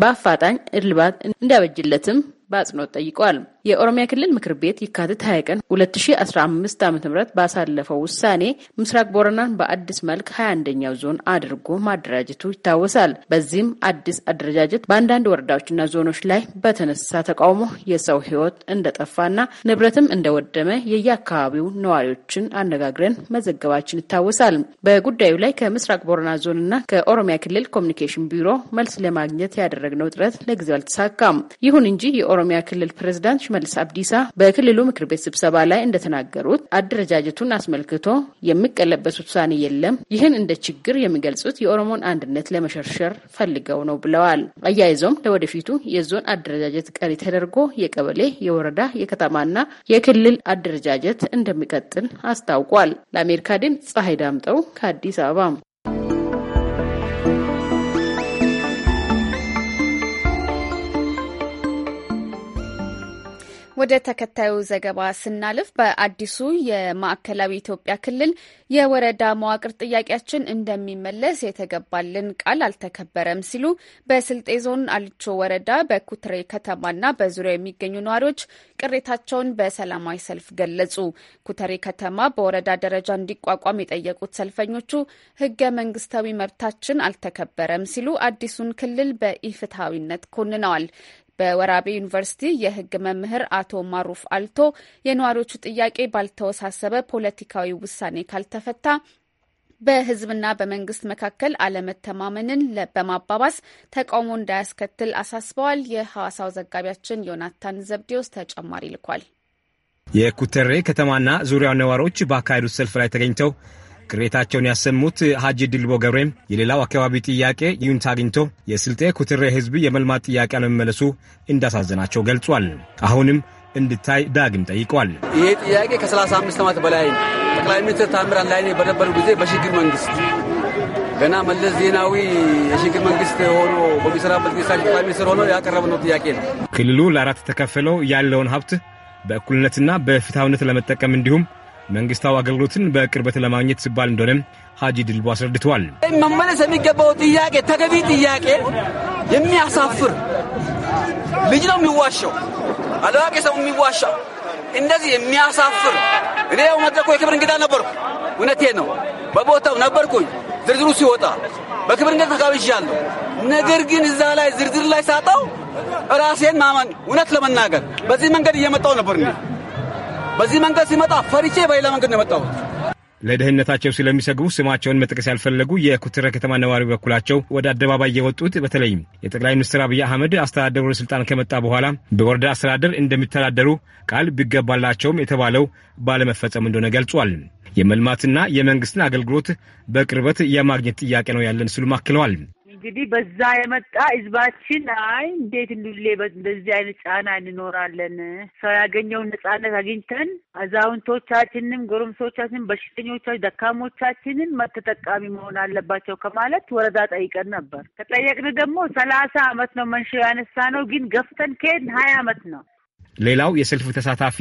በአፋጣኝ እልባት እንዲያበጅለትም በአጽንኦት ጠይቋል የኦሮሚያ ክልል ምክር ቤት የካቲት 20 ቀን 2015 ዓ ም ባሳለፈው ውሳኔ ምስራቅ ቦረናን በአዲስ መልክ 21ኛው ዞን አድርጎ ማደራጀቱ ይታወሳል። በዚህም አዲስ አደረጃጀት በአንዳንድ ወረዳዎችና ዞኖች ላይ በተነሳ ተቃውሞ የሰው ህይወት እንደጠፋና ንብረትም እንደወደመ የየአካባቢው ነዋሪዎችን አነጋግረን መዘገባችን ይታወሳል። በጉዳዩ ላይ ከምስራቅ ቦረና ዞንና ከኦሮሚያ ክልል ኮሚኒኬሽን ቢሮ መልስ ለማግኘት ያደረግነው ጥረት ለጊዜው አልተሳካም። ይሁን እንጂ የኦሮሚያ ክልል ፕሬዚዳንት ሽመልስ አብዲሳ በክልሉ ምክር ቤት ስብሰባ ላይ እንደተናገሩት አደረጃጀቱን አስመልክቶ የሚቀለበስ ውሳኔ የለም። ይህን እንደ ችግር የሚገልጹት የኦሮሞን አንድነት ለመሸርሸር ፈልገው ነው ብለዋል። አያይዞም ለወደፊቱ የዞን አደረጃጀት ቀሪ ተደርጎ የቀበሌ፣ የወረዳ፣ የከተማና የክልል አደረጃጀት እንደሚቀጥል አስታውቋል። ለአሜሪካ ድምፅ ፀሐይ ዳምጠው ከአዲስ አበባ ወደ ተከታዩ ዘገባ ስናልፍ በአዲሱ የማዕከላዊ ኢትዮጵያ ክልል የወረዳ መዋቅር ጥያቄያችን እንደሚመለስ የተገባልን ቃል አልተከበረም ሲሉ በስልጤ ዞን አልቾ ወረዳ በኩትሬ ከተማና በዙሪያው የሚገኙ ነዋሪዎች ቅሬታቸውን በሰላማዊ ሰልፍ ገለጹ። ኩተሬ ከተማ በወረዳ ደረጃ እንዲቋቋም የጠየቁት ሰልፈኞቹ ህገ መንግስታዊ መብታችን አልተከበረም ሲሉ አዲሱን ክልል በኢፍትሐዊነት ኮንነዋል። በወራቤ ዩኒቨርሲቲ የሕግ መምህር አቶ ማሩፍ አልቶ የነዋሪዎቹ ጥያቄ ባልተወሳሰበ ፖለቲካዊ ውሳኔ ካልተፈታ በህዝብና በመንግስት መካከል አለመተማመንን በማባባስ ተቃውሞ እንዳያስከትል አሳስበዋል። የሐዋሳው ዘጋቢያችን ዮናታን ዘብዴዎስ ተጨማሪ ልኳል። የኩተሬ ከተማና ዙሪያው ነዋሪዎች በአካሄዱት ሰልፍ ላይ ተገኝተው ቅሬታቸውን ያሰሙት ሀጂ ድልቦ ገብሬም የሌላው አካባቢ ጥያቄ ይሁንታ አግኝቶ የስልጤ ኩትሬ ህዝብ የመልማት ጥያቄ አለመመለሱ እንዳሳዘናቸው ገልጿል። አሁንም እንድታይ ዳግም ጠይቋል። ይሄ ጥያቄ ከ35 ዓመት በላይ ጠቅላይ ሚኒስትር ታምራት ላይኔ በነበሩ ጊዜ በሽግግር መንግስት ገና መለስ ዜናዊ የሽግግር መንግስት ሆኖ በሚሰራበት ጊዜ ጠቅላይ ሚኒስትር ሆኖ ያቀረብነው ጥያቄ ነው። ክልሉ ለአራት ተከፈለው ያለውን ሀብት በእኩልነትና በፍትሐዊነት ለመጠቀም እንዲሁም መንግስታዊ አገልግሎትን በቅርበት ለማግኘት ሲባል እንደሆነ ሀጂ ድልቦ አስረድተዋል። መመለስ የሚገባው ጥያቄ ተገቢ ጥያቄ የሚያሳፍር ልጅ ነው የሚዋሻው፣ አላዋቂ ሰው የሚዋሻው እንደዚህ የሚያሳፍር እኔ ያው መድረኩ የክብር እንግዳ ነበርኩ። እውነቴ ነው፣ በቦታው ነበርኩኝ። ዝርዝሩ ሲወጣ በክብር እንግዳ ተጋብዣለሁ። ነገር ግን እዛ ላይ ዝርዝር ላይ ሳጣው ራሴን ማመን እውነት ለመናገር በዚህ መንገድ እየመጣው ነበር። በዚህ መንገድ ሲመጣ ፈሪቼ በሌላ መንገድ ነው የመጣሁት። ለደህንነታቸው ስለሚሰግቡ ስማቸውን መጥቀስ ያልፈለጉ የኩትረ ከተማ ነዋሪ በኩላቸው ወደ አደባባይ የወጡት በተለይም የጠቅላይ ሚኒስትር አብይ አህመድ አስተዳደሩ ስልጣን ከመጣ በኋላ በወረዳ አስተዳደር እንደሚተዳደሩ ቃል ቢገባላቸውም የተባለው ባለመፈጸም እንደሆነ ገልጿል። የመልማትና የመንግስትን አገልግሎት በቅርበት የማግኘት ጥያቄ ነው ያለን ሲሉም አክለዋል። እንግዲህ በዛ የመጣ ህዝባችን አይ እንዴት እንዱሌ በዚህ አይነት ጫና እንኖራለን። ሰው ያገኘውን ነጻነት አግኝተን አዛውንቶቻችንም፣ ጎረምሶቻችንም፣ በሽተኞቻችን፣ ደካሞቻችንን መተጠቃሚ መሆን አለባቸው ከማለት ወረዳ ጠይቀን ነበር። ከጠየቅን ደግሞ ሰላሳ አመት ነው መንሻው ያነሳ ነው ግን ገፍተን ከሄድን ሀያ አመት ነው ሌላው የሰልፉ ተሳታፊ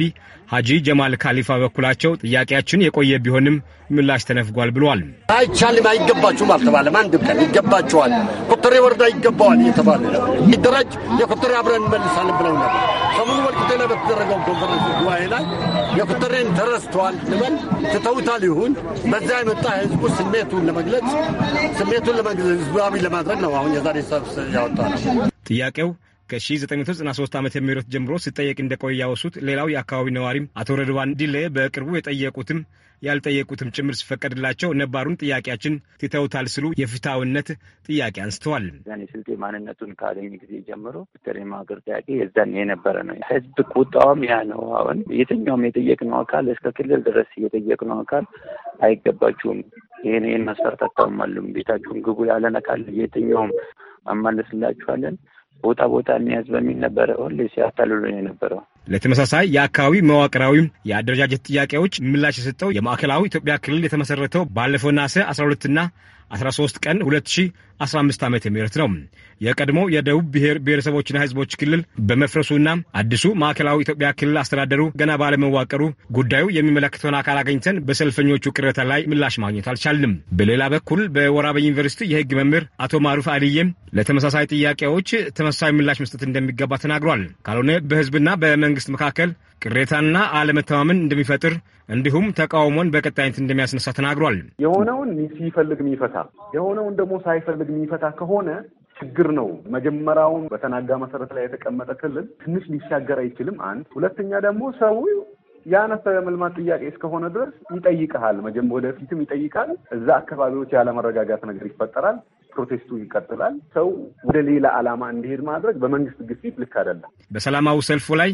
ሀጂ ጀማል ካሊፋ በኩላቸው ጥያቄያችን የቆየ ቢሆንም ምላሽ ተነፍጓል ብሏል። አይቻልም፣ አይገባችሁም አልተባለም። አንድም ቀን ይገባችኋል፣ ኮተሬ ወረዳ ይገባዋል እየተባለ ይደራጅ የኮተሬ አብረን እንመልሳለን ብለው ነበር። ሰሙኑ ወልቂጤ ላይ በተደረገው ኮንፈረንስ ጉባኤ ላይ የቁጥሬን ተረስተዋል ልበል ትተውታል ይሁን በዛ የመጣ ህዝቡ ስሜቱን ለመግለጽ ስሜቱን ለመግለጽ ህዝባዊ ለማድረግ ነው አሁን የዛሬ ሰብስ ያወጣ ነው ጥያቄው ከ1993 ዓመት የሚሮት ጀምሮ ሲጠየቅ እንደቆየ ያወሱት ሌላው የአካባቢ ነዋሪም አቶ ረድዋን ዲሌ በቅርቡ የጠየቁትም ያልጠየቁትም ጭምር ሲፈቀድላቸው ነባሩን ጥያቄያችን ትተውታል ሲሉ የፍትሐዊነት ጥያቄ አንስተዋል። ዛኔ ስልጤ ማንነቱን ካገኘ ጊዜ ጀምሮ ተሪማ ማገር ጥያቄ የዛን የነበረ ነው። ህዝብ ቁጣውም ያ ነው። አሁን የትኛውም የጠየቅነው አካል እስከ ክልል ድረስ የጠየቅነው አካል አይገባችሁም፣ ይህን ይህን መስፈርት አታሟሉም፣ ቤታችሁን ግቡ ያለን አካል የትኛውም አማለስላችኋለን ቦታ ቦታ እንያዝ በሚል ነበረ ሁሌ ሲያታልሉኝ የነበረው። ለተመሳሳይ የአካባቢ መዋቅራዊም የአደረጃጀት ጥያቄዎች ምላሽ የሰጠው የማዕከላዊ ኢትዮጵያ ክልል የተመሰረተው ባለፈው ነሐሴ 12ና 13 ቀን 2000 15 ዓመተ ምህረት ነው። የቀድሞ የደቡብ ብሔር ብሔረሰቦችና ህዝቦች ክልል በመፍረሱና አዲሱ ማዕከላዊ ኢትዮጵያ ክልል አስተዳደሩ ገና ባለመዋቀሩ ጉዳዩ የሚመለከተውን አካል አገኝተን በሰልፈኞቹ ቅሬታ ላይ ምላሽ ማግኘት አልቻልንም። በሌላ በኩል በወራቤ ዩኒቨርሲቲ የህግ መምህር አቶ ማሩፍ አልዬም ለተመሳሳይ ጥያቄዎች ተመሳሳይ ምላሽ መስጠት እንደሚገባ ተናግሯል። ካልሆነ በህዝብና በመንግስት መካከል ቅሬታና አለመተማመን እንደሚፈጥር እንዲሁም ተቃውሞን በቀጣይነት እንደሚያስነሳ ተናግሯል። የሆነውን ሲፈልግ የሚፈታ የሆነውን ደግሞ ሳይፈልግ የሚፈታ ከሆነ ችግር ነው። መጀመሪያውን በተናጋ መሰረት ላይ የተቀመጠ ክልል ትንሽ ሊሻገር አይችልም። አንድ ሁለተኛ ደግሞ ሰው ያነሳው የመልማት ጥያቄ እስከሆነ ድረስ ይጠይቀሃል። መጀመ ወደፊትም ይጠይቃል። እዛ አካባቢዎች ያለመረጋጋት ነገር ይፈጠራል። ፕሮቴስቱ ይቀጥላል። ሰው ወደ ሌላ ዓላማ እንዲሄድ ማድረግ በመንግስት ግፊት ልክ አይደለም። በሰላማዊ ሰልፉ ላይ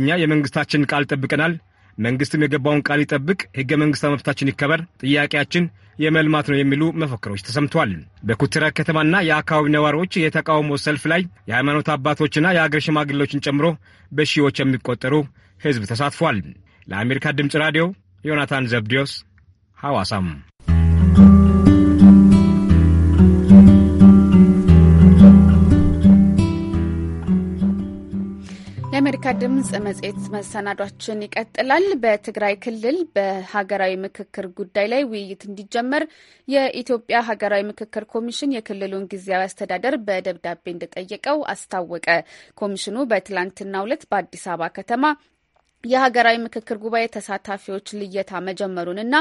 እኛ የመንግስታችን ቃል ጠብቀናል መንግስትም የገባውን ቃል ይጠብቅ፣ ህገ መንግስታዊ መብታችን ይከበር፣ ጥያቄያችን የመልማት ነው የሚሉ መፈክሮች ተሰምተዋል። በኩትራ ከተማና የአካባቢ ነዋሪዎች የተቃውሞ ሰልፍ ላይ የሃይማኖት አባቶችና የአገር ሽማግሌዎችን ጨምሮ በሺዎች የሚቆጠሩ ህዝብ ተሳትፏል። ለአሜሪካ ድምፅ ራዲዮ ዮናታን ዘብዲዮስ ሐዋሳም የአሜሪካ ድምፅ መጽሔት መሰናዷችን ይቀጥላል። በትግራይ ክልል በሀገራዊ ምክክር ጉዳይ ላይ ውይይት እንዲጀመር የኢትዮጵያ ሀገራዊ ምክክር ኮሚሽን የክልሉን ጊዜያዊ አስተዳደር በደብዳቤ እንደጠየቀው አስታወቀ። ኮሚሽኑ በትላንትናው ዕለት በአዲስ አበባ ከተማ የሀገራዊ ምክክር ጉባኤ ተሳታፊዎች ልየታ መጀመሩንና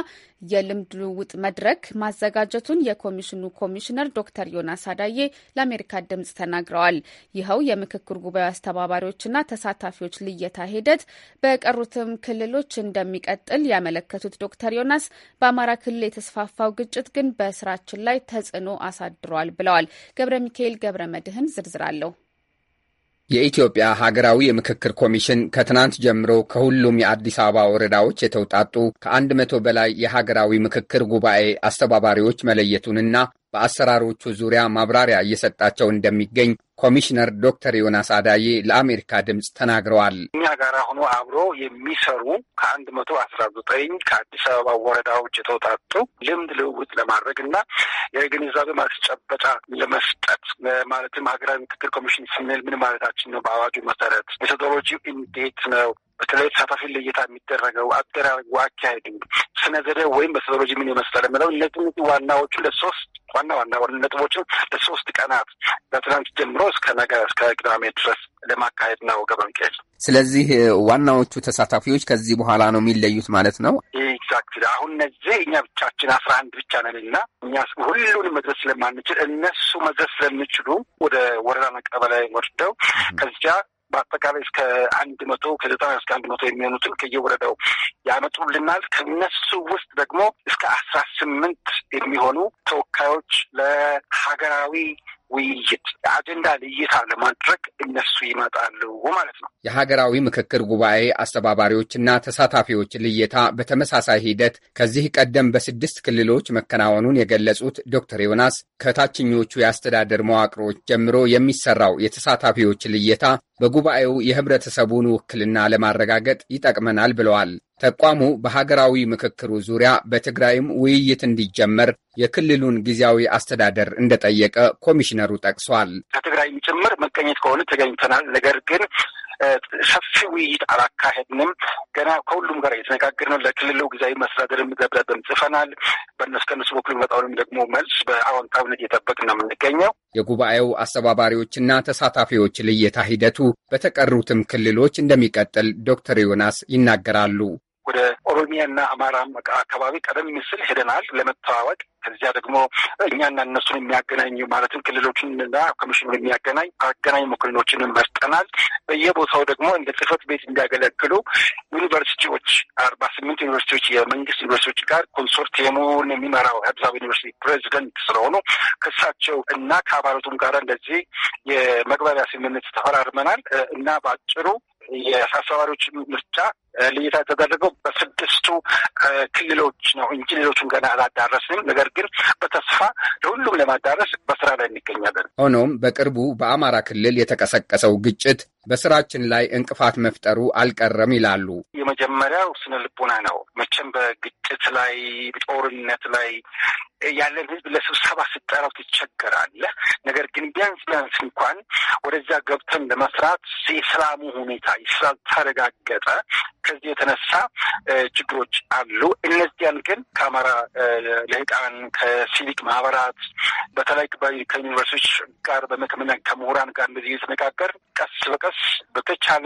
የልምድ ልውውጥ መድረክ ማዘጋጀቱን የኮሚሽኑ ኮሚሽነር ዶክተር ዮናስ አዳዬ ለአሜሪካ ድምጽ ተናግረዋል። ይኸው የምክክር ጉባኤው አስተባባሪዎችና ተሳታፊዎች ልየታ ሂደት በቀሩትም ክልሎች እንደሚቀጥል ያመለከቱት ዶክተር ዮናስ በአማራ ክልል የተስፋፋው ግጭት ግን በስራችን ላይ ተጽዕኖ አሳድሯል ብለዋል። ገብረ ሚካኤል ገብረ መድህን ዝርዝር አለው። የኢትዮጵያ ሀገራዊ የምክክር ኮሚሽን ከትናንት ጀምሮ ከሁሉም የአዲስ አበባ ወረዳዎች የተውጣጡ ከአንድ መቶ በላይ የሀገራዊ ምክክር ጉባኤ አስተባባሪዎች መለየቱንና በአሰራሮቹ ዙሪያ ማብራሪያ እየሰጣቸው እንደሚገኝ ኮሚሽነር ዶክተር ዮናስ አዳዬ ለአሜሪካ ድምፅ ተናግረዋል። እኛ ጋር ሆኖ አብሮ የሚሰሩ ከአንድ መቶ አስራ ዘጠኝ ከአዲስ አበባ ወረዳዎች የተውጣጡ ልምድ ልውውጥ ለማድረግ እና የግንዛቤ ማስጨበጫ ለመስጠት ማለትም ሀገራዊ ምክክር ኮሚሽን ስንል ምን ማለታችን ነው? በአዋጁ መሰረት ሜቶዶሎጂ እንዴት ነው? በተለይ ተሳታፊ ለየታ የሚደረገው አደራረጉ፣ አካሄድ ስነ ዘዴ ወይም በሶሎጂ ምን ይመስላል የምለው እነዚህ ዋናዎቹ ለሶስት ዋና ዋና ነጥቦችን ለሶስት ቀናት በትናንት ጀምሮ እስከ ነገ እስከ ቅዳሜ ድረስ ለማካሄድ ነው ገበንቄል። ስለዚህ ዋናዎቹ ተሳታፊዎች ከዚህ በኋላ ነው የሚለዩት ማለት ነው። ኤግዛክት። አሁን እነዚህ እኛ ብቻችን አስራ አንድ ብቻ ነን እና እኛ ሁሉን መድረስ ስለማንችል እነሱ መድረስ ስለሚችሉ ወደ ወረዳ ቀበሌ ወርደው ከዚያ በአጠቃላይ እስከ አንድ መቶ ከዘጠና እስከ አንድ መቶ የሚሆኑትን ከየወረዳው ያመጡልናል። ከነሱ ውስጥ ደግሞ እስከ አስራ ስምንት የሚሆኑ ተወካዮች ለሀገራዊ ውይይት አጀንዳ ልይታ ለማድረግ እነሱ ይመጣሉ ማለት ነው። የሀገራዊ ምክክር ጉባኤ አስተባባሪዎችና ተሳታፊዎች ልየታ በተመሳሳይ ሂደት ከዚህ ቀደም በስድስት ክልሎች መከናወኑን የገለጹት ዶክተር ዮናስ ከታችኞቹ የአስተዳደር መዋቅሮች ጀምሮ የሚሰራው የተሳታፊዎች ልየታ በጉባኤው የህብረተሰቡን ውክልና ለማረጋገጥ ይጠቅመናል ብለዋል። ተቋሙ በሀገራዊ ምክክሩ ዙሪያ በትግራይም ውይይት እንዲጀመር የክልሉን ጊዜያዊ አስተዳደር እንደጠየቀ ኮሚሽነሩ ጠቅሷል። ከትግራይም ጭምር መገኘት ከሆነ ተገኝተናል። ነገር ግን ሰፊ ውይይት አላካሄድንም። ገና ከሁሉም ጋር እየተነጋገርን ነው። ለክልሉ ጊዜያዊ መስተዳደርም ደብዳቤም ጽፈናል። በእነሱ ከነሱ በኩል መጣውንም ደግሞ መልስ በአዎንታዊነት እየጠበቅን ነው የምንገኘው። የጉባኤው አስተባባሪዎችና ተሳታፊዎች ልየታ ሂደቱ በተቀሩትም ክልሎች እንደሚቀጥል ዶክተር ዮናስ ይናገራሉ። ወደ ኦሮሚያና አማራ አካባቢ ቀደም ሲል ሄደናል ለመተዋወቅ ከዚያ ደግሞ እኛና እነሱን የሚያገናኙ ማለትም ክልሎችንና ኮሚሽኑ የሚያገናኝ አገናኝ መኮንኖችንም መርጠናል። በየቦታው ደግሞ እንደ ጽህፈት ቤት እንዲያገለግሉ ዩኒቨርሲቲዎች አርባ ስምንት ዩኒቨርሲቲዎች የመንግስት ዩኒቨርሲቲዎች ጋር ኮንሶርቲየሙን የሚመራው የአዲስ አበባ ዩኒቨርሲቲ ፕሬዚደንት ስለሆኑ ከእሳቸው እና ከአባላቱም ጋር እንደዚህ የመግባቢያ ስምምነት ተፈራርመናል እና በአጭሩ የአስተባባሪዎች ምርጫ ልየታ የተደረገው በስድስቱ ክልሎች ነው እንጂ ሌሎቹን ገና አላዳረስንም። ነገር ግን በተስፋ ለሁሉም ለማዳረስ በስራ ላይ እንገኛለን። ሆኖም በቅርቡ በአማራ ክልል የተቀሰቀሰው ግጭት በስራችን ላይ እንቅፋት መፍጠሩ አልቀረም ይላሉ። የመጀመሪያው ስነ ልቦና ነው። መቼም በግጭት ላይ ጦርነት ላይ ያለን ህዝብ ለስብሰባ ስጠራው ትቸገራለህ። ነገር ግን ቢያንስ ቢያንስ እንኳን ወደዛ ገብተን ለመስራት የሰላሙ ሁኔታ ስላልተረጋገጠ ከዚህ የተነሳ ችግሮች አሉ። እነዚያን ግን ከአማራ ልህቃን ከሲቪክ ማህበራት በተለይ ከዩኒቨርሲቲዎች ጋር በመከመና ከምሁራን ጋር እንደዚህ እየተነጋገር ቀስ በቀስ ድረስ በተቻለ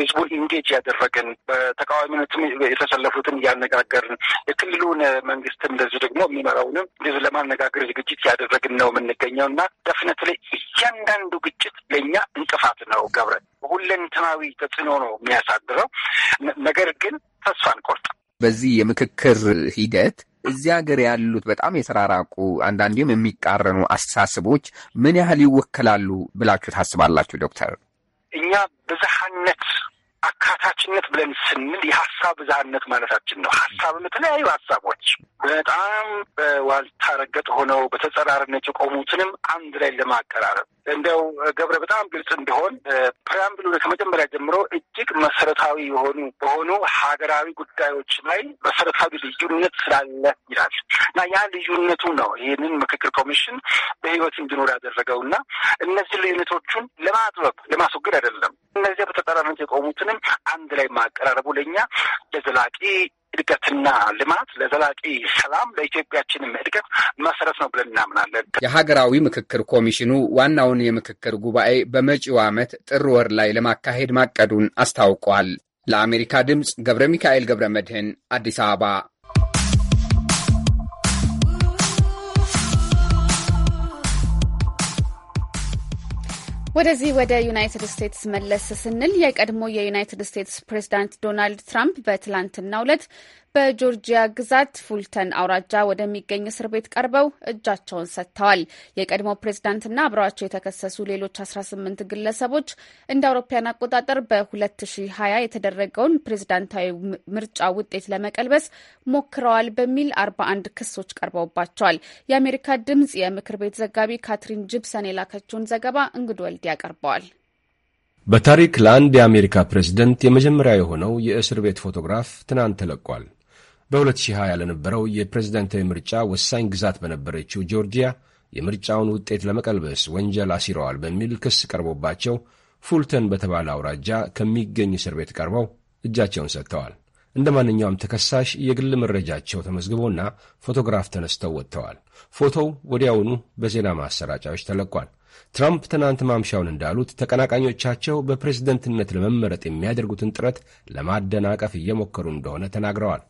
ህዝቡን ኢንጌጅ ያደረግን በተቃዋሚነትም የተሰለፉትን እያነጋገርን የክልሉን መንግስትም እንደዚህ ደግሞ የሚመራውንም እንደዚህ ለማነጋገር ዝግጅት ያደረግን ነው የምንገኘው እና ደፍነት ላይ እያንዳንዱ ግጭት ለእኛ እንቅፋት ነው። ገብረ ሁለንተናዊ ተጽዕኖ ነው የሚያሳድረው። ነገር ግን ተስፋ አንቆርጥ። በዚህ የምክክር ሂደት እዚህ ሀገር ያሉት በጣም የተራራቁ አንዳንዴም የሚቃረኑ አስተሳስቦች ምን ያህል ይወከላሉ ብላችሁ ታስባላችሁ ዶክተር? እኛ ብዝሓነት አካታችነት ብለን ስንል የሀሳብ ብዝሃነት ማለታችን ነው። ሀሳብ የተለያዩ ሀሳቦች በጣም በዋልታ ረገጥ ሆነው በተጸራርነት የቆሙትንም አንድ ላይ ለማቀራረብ እንደው ገብረ በጣም ግልጽ እንዲሆን ፕሪያምብሉ ከመጀመሪያ ጀምሮ እጅግ መሰረታዊ የሆኑ በሆኑ ሀገራዊ ጉዳዮች ላይ መሰረታዊ ልዩነት ስላለ ይላል እና ያ ልዩነቱ ነው ይህንን ምክክር ኮሚሽን በህይወት እንዲኖር ያደረገው እና እነዚህ ልዩነቶቹን ለማጥበብ ለማስወገድ አይደለም እነዚያ በተጠራነት የቆሙትንም ሁለቱንም አንድ ላይ ማቀራረቡ ለእኛ ለዘላቂ እድገትና ልማት ለዘላቂ ሰላም ለኢትዮጵያችንም እድገት መሰረት ነው ብለን እናምናለን። የሀገራዊ ምክክር ኮሚሽኑ ዋናውን የምክክር ጉባኤ በመጪው ዓመት ጥር ወር ላይ ለማካሄድ ማቀዱን አስታውቋል። ለአሜሪካ ድምፅ ገብረ ሚካኤል ገብረ መድህን አዲስ አበባ ወደዚህ ወደ ዩናይትድ ስቴትስ መለስ ስንል የቀድሞ የዩናይትድ ስቴትስ ፕሬዚዳንት ዶናልድ ትራምፕ በትላንትናው ዕለት በጆርጂያ ግዛት ፉልተን አውራጃ ወደሚገኝ እስር ቤት ቀርበው እጃቸውን ሰጥተዋል። የቀድሞ ፕሬዝዳንትና አብረዋቸው የተከሰሱ ሌሎች 18 ግለሰቦች እንደ አውሮፓያን አቆጣጠር በ2020 የተደረገውን ፕሬዝዳንታዊ ምርጫ ውጤት ለመቀልበስ ሞክረዋል በሚል 41 ክሶች ቀርበውባቸዋል። የአሜሪካ ድምጽ የምክር ቤት ዘጋቢ ካትሪን ጂፕሰን የላከችውን ዘገባ እንግድ ወልድ ያቀርበዋል። በታሪክ ለአንድ የአሜሪካ ፕሬዝደንት የመጀመሪያ የሆነው የእስር ቤት ፎቶግራፍ ትናንት ተለቋል። በ2020 ለነበረው የፕሬዝደንታዊ ምርጫ ወሳኝ ግዛት በነበረችው ጆርጂያ የምርጫውን ውጤት ለመቀልበስ ወንጀል አሲረዋል በሚል ክስ ቀርቦባቸው ፉልተን በተባለ አውራጃ ከሚገኝ እስር ቤት ቀርበው እጃቸውን ሰጥተዋል። እንደ ማንኛውም ተከሳሽ የግል መረጃቸው ተመዝግቦና ፎቶግራፍ ተነስተው ወጥተዋል። ፎቶው ወዲያውኑ በዜና ማሰራጫዎች ተለቋል። ትራምፕ ትናንት ማምሻውን እንዳሉት ተቀናቃኞቻቸው በፕሬዝደንትነት ለመመረጥ የሚያደርጉትን ጥረት ለማደናቀፍ እየሞከሩ እንደሆነ ተናግረዋል።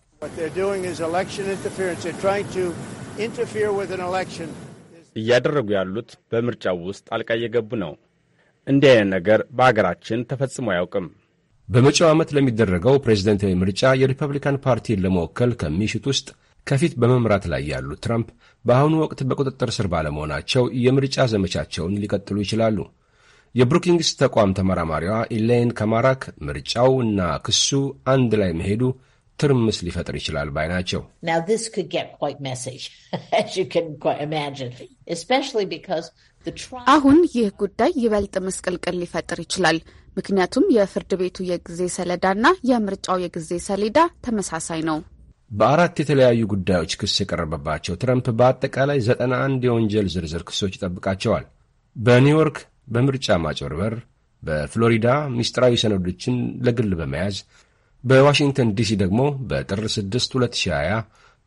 እያደረጉ ያሉት በምርጫው ውስጥ ጣልቃ እየገቡ ነው። እንዲህ አይነት ነገር በአገራችን ተፈጽሞ አያውቅም። በመጪው ዓመት ለሚደረገው ፕሬዝደንታዊ ምርጫ የሪፐብሊካን ፓርቲን ለመወከል ከሚሽት ውስጥ ከፊት በመምራት ላይ ያሉት ትራምፕ በአሁኑ ወቅት በቁጥጥር ስር ባለመሆናቸው የምርጫ ዘመቻቸውን ሊቀጥሉ ይችላሉ። የብሩኪንግስ ተቋም ተመራማሪዋ ኢሌይን ከማራክ ምርጫው እና ክሱ አንድ ላይ መሄዱ ትርምስ ሊፈጥር ይችላል ባይ ናቸው። አሁን ይህ ጉዳይ ይበልጥ ምስቅልቅል ሊፈጥር ይችላል። ምክንያቱም የፍርድ ቤቱ የጊዜ ሰሌዳና የምርጫው የጊዜ ሰሌዳ ተመሳሳይ ነው። በአራት የተለያዩ ጉዳዮች ክስ የቀረበባቸው ትረምፕ በአጠቃላይ ዘጠና የወንጀል ዝርዝር ክሶች ይጠብቃቸዋል። በኒውዮርክ በምርጫ ማጭበርበር፣ በፍሎሪዳ ሚስጥራዊ ሰነዶችን ለግል በመያዝ በዋሽንግተን ዲሲ ደግሞ በጥር 6 2020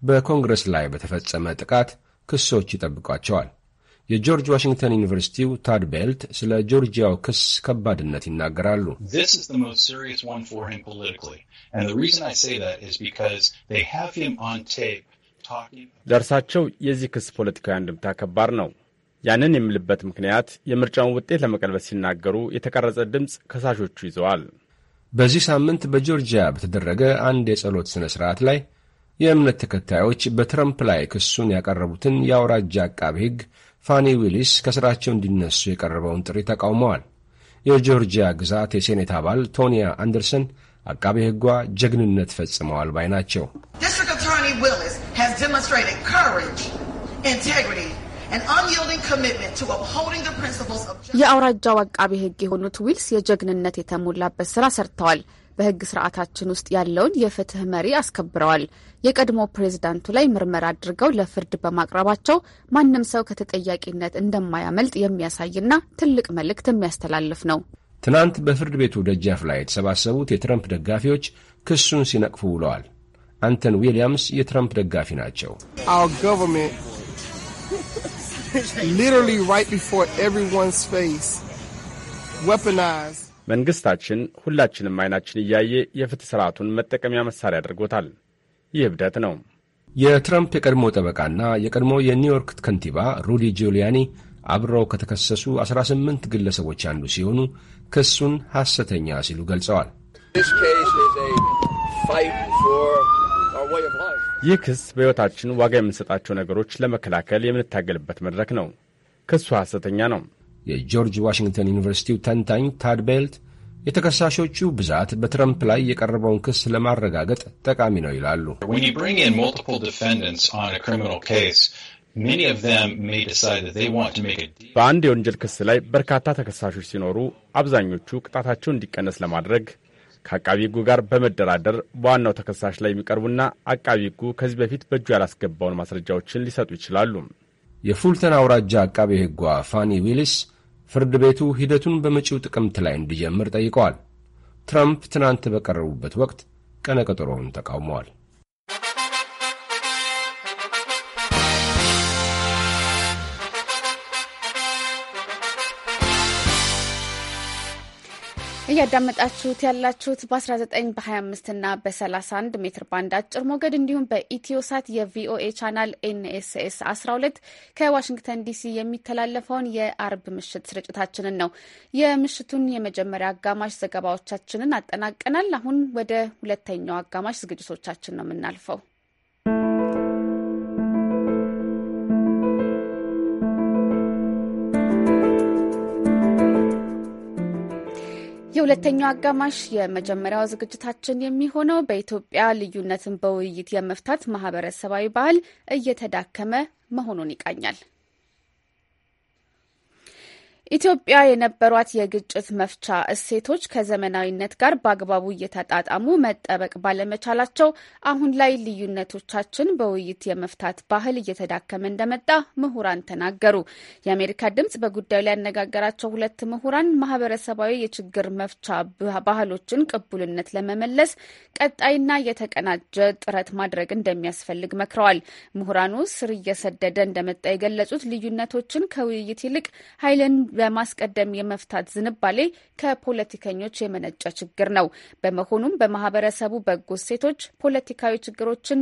በኮንግረስ ላይ በተፈጸመ ጥቃት ክሶች ይጠብቋቸዋል። የጆርጅ ዋሽንግተን ዩኒቨርሲቲው ታድ ቤልት ስለ ጆርጂያው ክስ ከባድነት ይናገራሉ። ለእርሳቸው የዚህ ክስ ፖለቲካዊ አንድምታ ከባድ ነው። ያንን የምልበት ምክንያት የምርጫውን ውጤት ለመቀልበስ ሲናገሩ የተቀረጸ ድምፅ ከሳሾቹ ይዘዋል። በዚህ ሳምንት በጆርጂያ በተደረገ አንድ የጸሎት ሥነ ሥርዓት ላይ የእምነት ተከታዮች በትረምፕ ላይ ክሱን ያቀረቡትን የአውራጃ አቃቤ ሕግ ፋኒ ዊሊስ ከሥራቸው እንዲነሱ የቀረበውን ጥሪ ተቃውመዋል። የጆርጂያ ግዛት የሴኔት አባል ቶኒያ አንደርሰን አቃቤ ሕጓ ጀግንነት ፈጽመዋል ባይ ናቸው። ዊሊስ ኮሬጅ ኢንቴግሪቲ የአውራጃው አቃቢ ሕግ የሆኑት ዊልስ የጀግንነት የተሞላበት ስራ ሰርተዋል። በህግ ስርዓታችን ውስጥ ያለውን የፍትህ መሪ አስከብረዋል። የቀድሞ ፕሬዝዳንቱ ላይ ምርመራ አድርገው ለፍርድ በማቅረባቸው ማንም ሰው ከተጠያቂነት እንደማያመልጥ የሚያሳይና ትልቅ መልእክት የሚያስተላልፍ ነው። ትናንት በፍርድ ቤቱ ደጃፍ ላይ የተሰባሰቡት የትረምፕ ደጋፊዎች ክሱን ሲነቅፉ ውለዋል። አንተን ዊሊያምስ የትረምፕ ደጋፊ ናቸው። መንግስታችን ሁላችንም አይናችን እያየ የፍትህ ስርዓቱን መጠቀሚያ መሳሪያ አድርጎታል። ይህ እብደት ነው። የትራምፕ የቀድሞ ጠበቃና የቀድሞ የኒውዮርክ ከንቲባ ሩዲ ጁሊያኒ አብረው ከተከሰሱ 18 ግለሰቦች አንዱ ሲሆኑ ክሱን ሐሰተኛ ሲሉ ገልጸዋል። ይህ ክስ በሕይወታችን ዋጋ የምንሰጣቸው ነገሮች ለመከላከል የምንታገልበት መድረክ ነው። ክሱ ሐሰተኛ ነው። የጆርጅ ዋሽንግተን ዩኒቨርሲቲው ተንታኝ ታድ ቤልት የተከሳሾቹ ብዛት በትረምፕ ላይ የቀረበውን ክስ ለማረጋገጥ ጠቃሚ ነው ይላሉ። በአንድ የወንጀል ክስ ላይ በርካታ ተከሳሾች ሲኖሩ አብዛኞቹ ቅጣታቸው እንዲቀነስ ለማድረግ ከአቃቢ ሕጉ ጋር በመደራደር በዋናው ተከሳሽ ላይ የሚቀርቡና አቃቢ ሕጉ ከዚህ በፊት በእጁ ያላስገባውን ማስረጃዎችን ሊሰጡ ይችላሉ። የፉልተን አውራጃ አቃቢ ሕጓ ፋኒ ዊልስ ፍርድ ቤቱ ሂደቱን በመጪው ጥቅምት ላይ እንዲጀምር ጠይቀዋል። ትራምፕ ትናንት በቀረቡበት ወቅት ቀነቀጠሮውን ተቃውመዋል። እያዳመጣችሁት ያላችሁት በ19 በ25 እና በ31 ሜትር ባንድ አጭር ሞገድ እንዲሁም በኢትዮሳት የቪኦኤ ቻናል ኤንኤስኤስ 12 ከዋሽንግተን ዲሲ የሚተላለፈውን የአርብ ምሽት ስርጭታችንን ነው። የምሽቱን የመጀመሪያ አጋማሽ ዘገባዎቻችንን አጠናቀናል። አሁን ወደ ሁለተኛው አጋማሽ ዝግጅቶቻችን ነው የምናልፈው። የሁለተኛው አጋማሽ የመጀመሪያው ዝግጅታችን የሚሆነው በኢትዮጵያ ልዩነትን በውይይት የመፍታት ማህበረሰባዊ ባህል እየተዳከመ መሆኑን ይቃኛል። ኢትዮጵያ የነበሯት የግጭት መፍቻ እሴቶች ከዘመናዊነት ጋር በአግባቡ እየተጣጣሙ መጠበቅ ባለመቻላቸው አሁን ላይ ልዩነቶቻችን በውይይት የመፍታት ባህል እየተዳከመ እንደመጣ ምሁራን ተናገሩ። የአሜሪካ ድምጽ በጉዳዩ ላይ ያነጋገራቸው ሁለት ምሁራን ማህበረሰባዊ የችግር መፍቻ ባህሎችን ቅቡልነት ለመመለስ ቀጣይና የተቀናጀ ጥረት ማድረግ እንደሚያስፈልግ መክረዋል። ምሁራኑ ስር እየሰደደ እንደመጣ የገለጹት ልዩነቶችን ከውይይት ይልቅ ኃይልን በማስቀደም የመፍታት ዝንባሌ ከፖለቲከኞች የመነጨ ችግር ነው። በመሆኑም በማህበረሰቡ በጎ ሴቶች ፖለቲካዊ ችግሮችን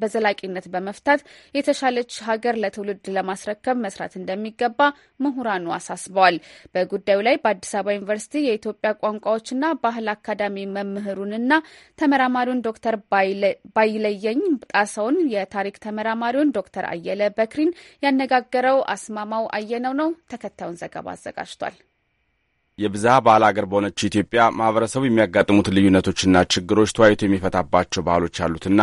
በዘላቂነት በመፍታት የተሻለች ሀገር ለትውልድ ለማስረከብ መስራት እንደሚገባ ምሁራኑ አሳስበዋል። በጉዳዩ ላይ በአዲስ አበባ ዩኒቨርሲቲ የኢትዮጵያ ቋንቋዎችና ባህል አካዳሚ መምህሩንና ተመራማሪውን ዶክተር ባይለየኝ ጣሰውን የታሪክ ተመራማሪውን ዶክተር አየለ በክሪን ያነጋገረው አስማማው አየነው ነው ተከታ ተከታዩን ዘገባ አዘጋጅቷል። የብዝሃ ባህል አገር በሆነች ኢትዮጵያ ማህበረሰቡ የሚያጋጥሙት ልዩነቶችና ችግሮች ተወያይቶ የሚፈታባቸው ባህሎች ያሉትና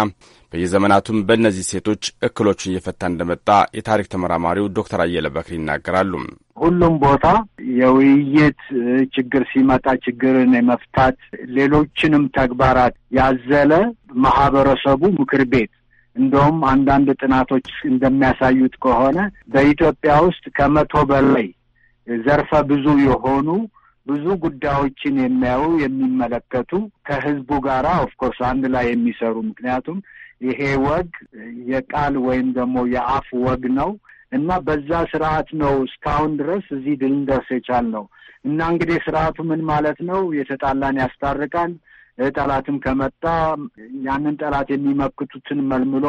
በየዘመናቱም በእነዚህ ሴቶች እክሎችን እየፈታ እንደመጣ የታሪክ ተመራማሪው ዶክተር አየለ በክር ይናገራሉ። ሁሉም ቦታ የውይይት ችግር ሲመጣ ችግርን የመፍታት ሌሎችንም ተግባራት ያዘለ ማህበረሰቡ ምክር ቤት እንደውም አንዳንድ ጥናቶች እንደሚያሳዩት ከሆነ በኢትዮጵያ ውስጥ ከመቶ በላይ ዘርፈ ብዙ የሆኑ ብዙ ጉዳዮችን የሚያዩ የሚመለከቱ ከህዝቡ ጋር ኦፍኮርስ አንድ ላይ የሚሰሩ ምክንያቱም ይሄ ወግ የቃል ወይም ደግሞ የአፍ ወግ ነው እና በዛ ስርዓት ነው እስካሁን ድረስ እዚህ ልንደርስ ነው። እና እንግዲህ ስርዓቱ ምን ማለት ነው? የተጣላን ያስታርቃል። ጠላትም ከመጣ ያንን ጠላት የሚመክቱትን መልምሎ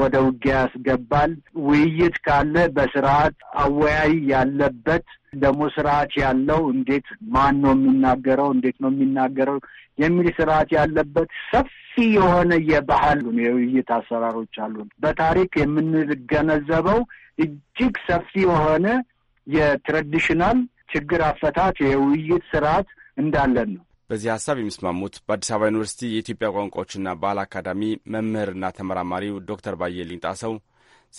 ወደ ውጊያ ያስገባል። ውይይት ካለ በስርዓት አወያይ ያለበት ደግሞ ስርዓት ያለው እንዴት ማን ነው የሚናገረው፣ እንዴት ነው የሚናገረው የሚል ስርዓት ያለበት ሰፊ የሆነ የባህል የውይይት አሰራሮች አሉ። በታሪክ የምንገነዘበው እጅግ ሰፊ የሆነ የትራዲሽናል ችግር አፈታት የውይይት ስርዓት እንዳለን ነው። በዚህ ሀሳብ የሚስማሙት በአዲስ አበባ ዩኒቨርሲቲ የኢትዮጵያ ቋንቋዎችና ባህል አካዳሚ መምህርና ተመራማሪው ዶክተር ባየልኝ ጣሰው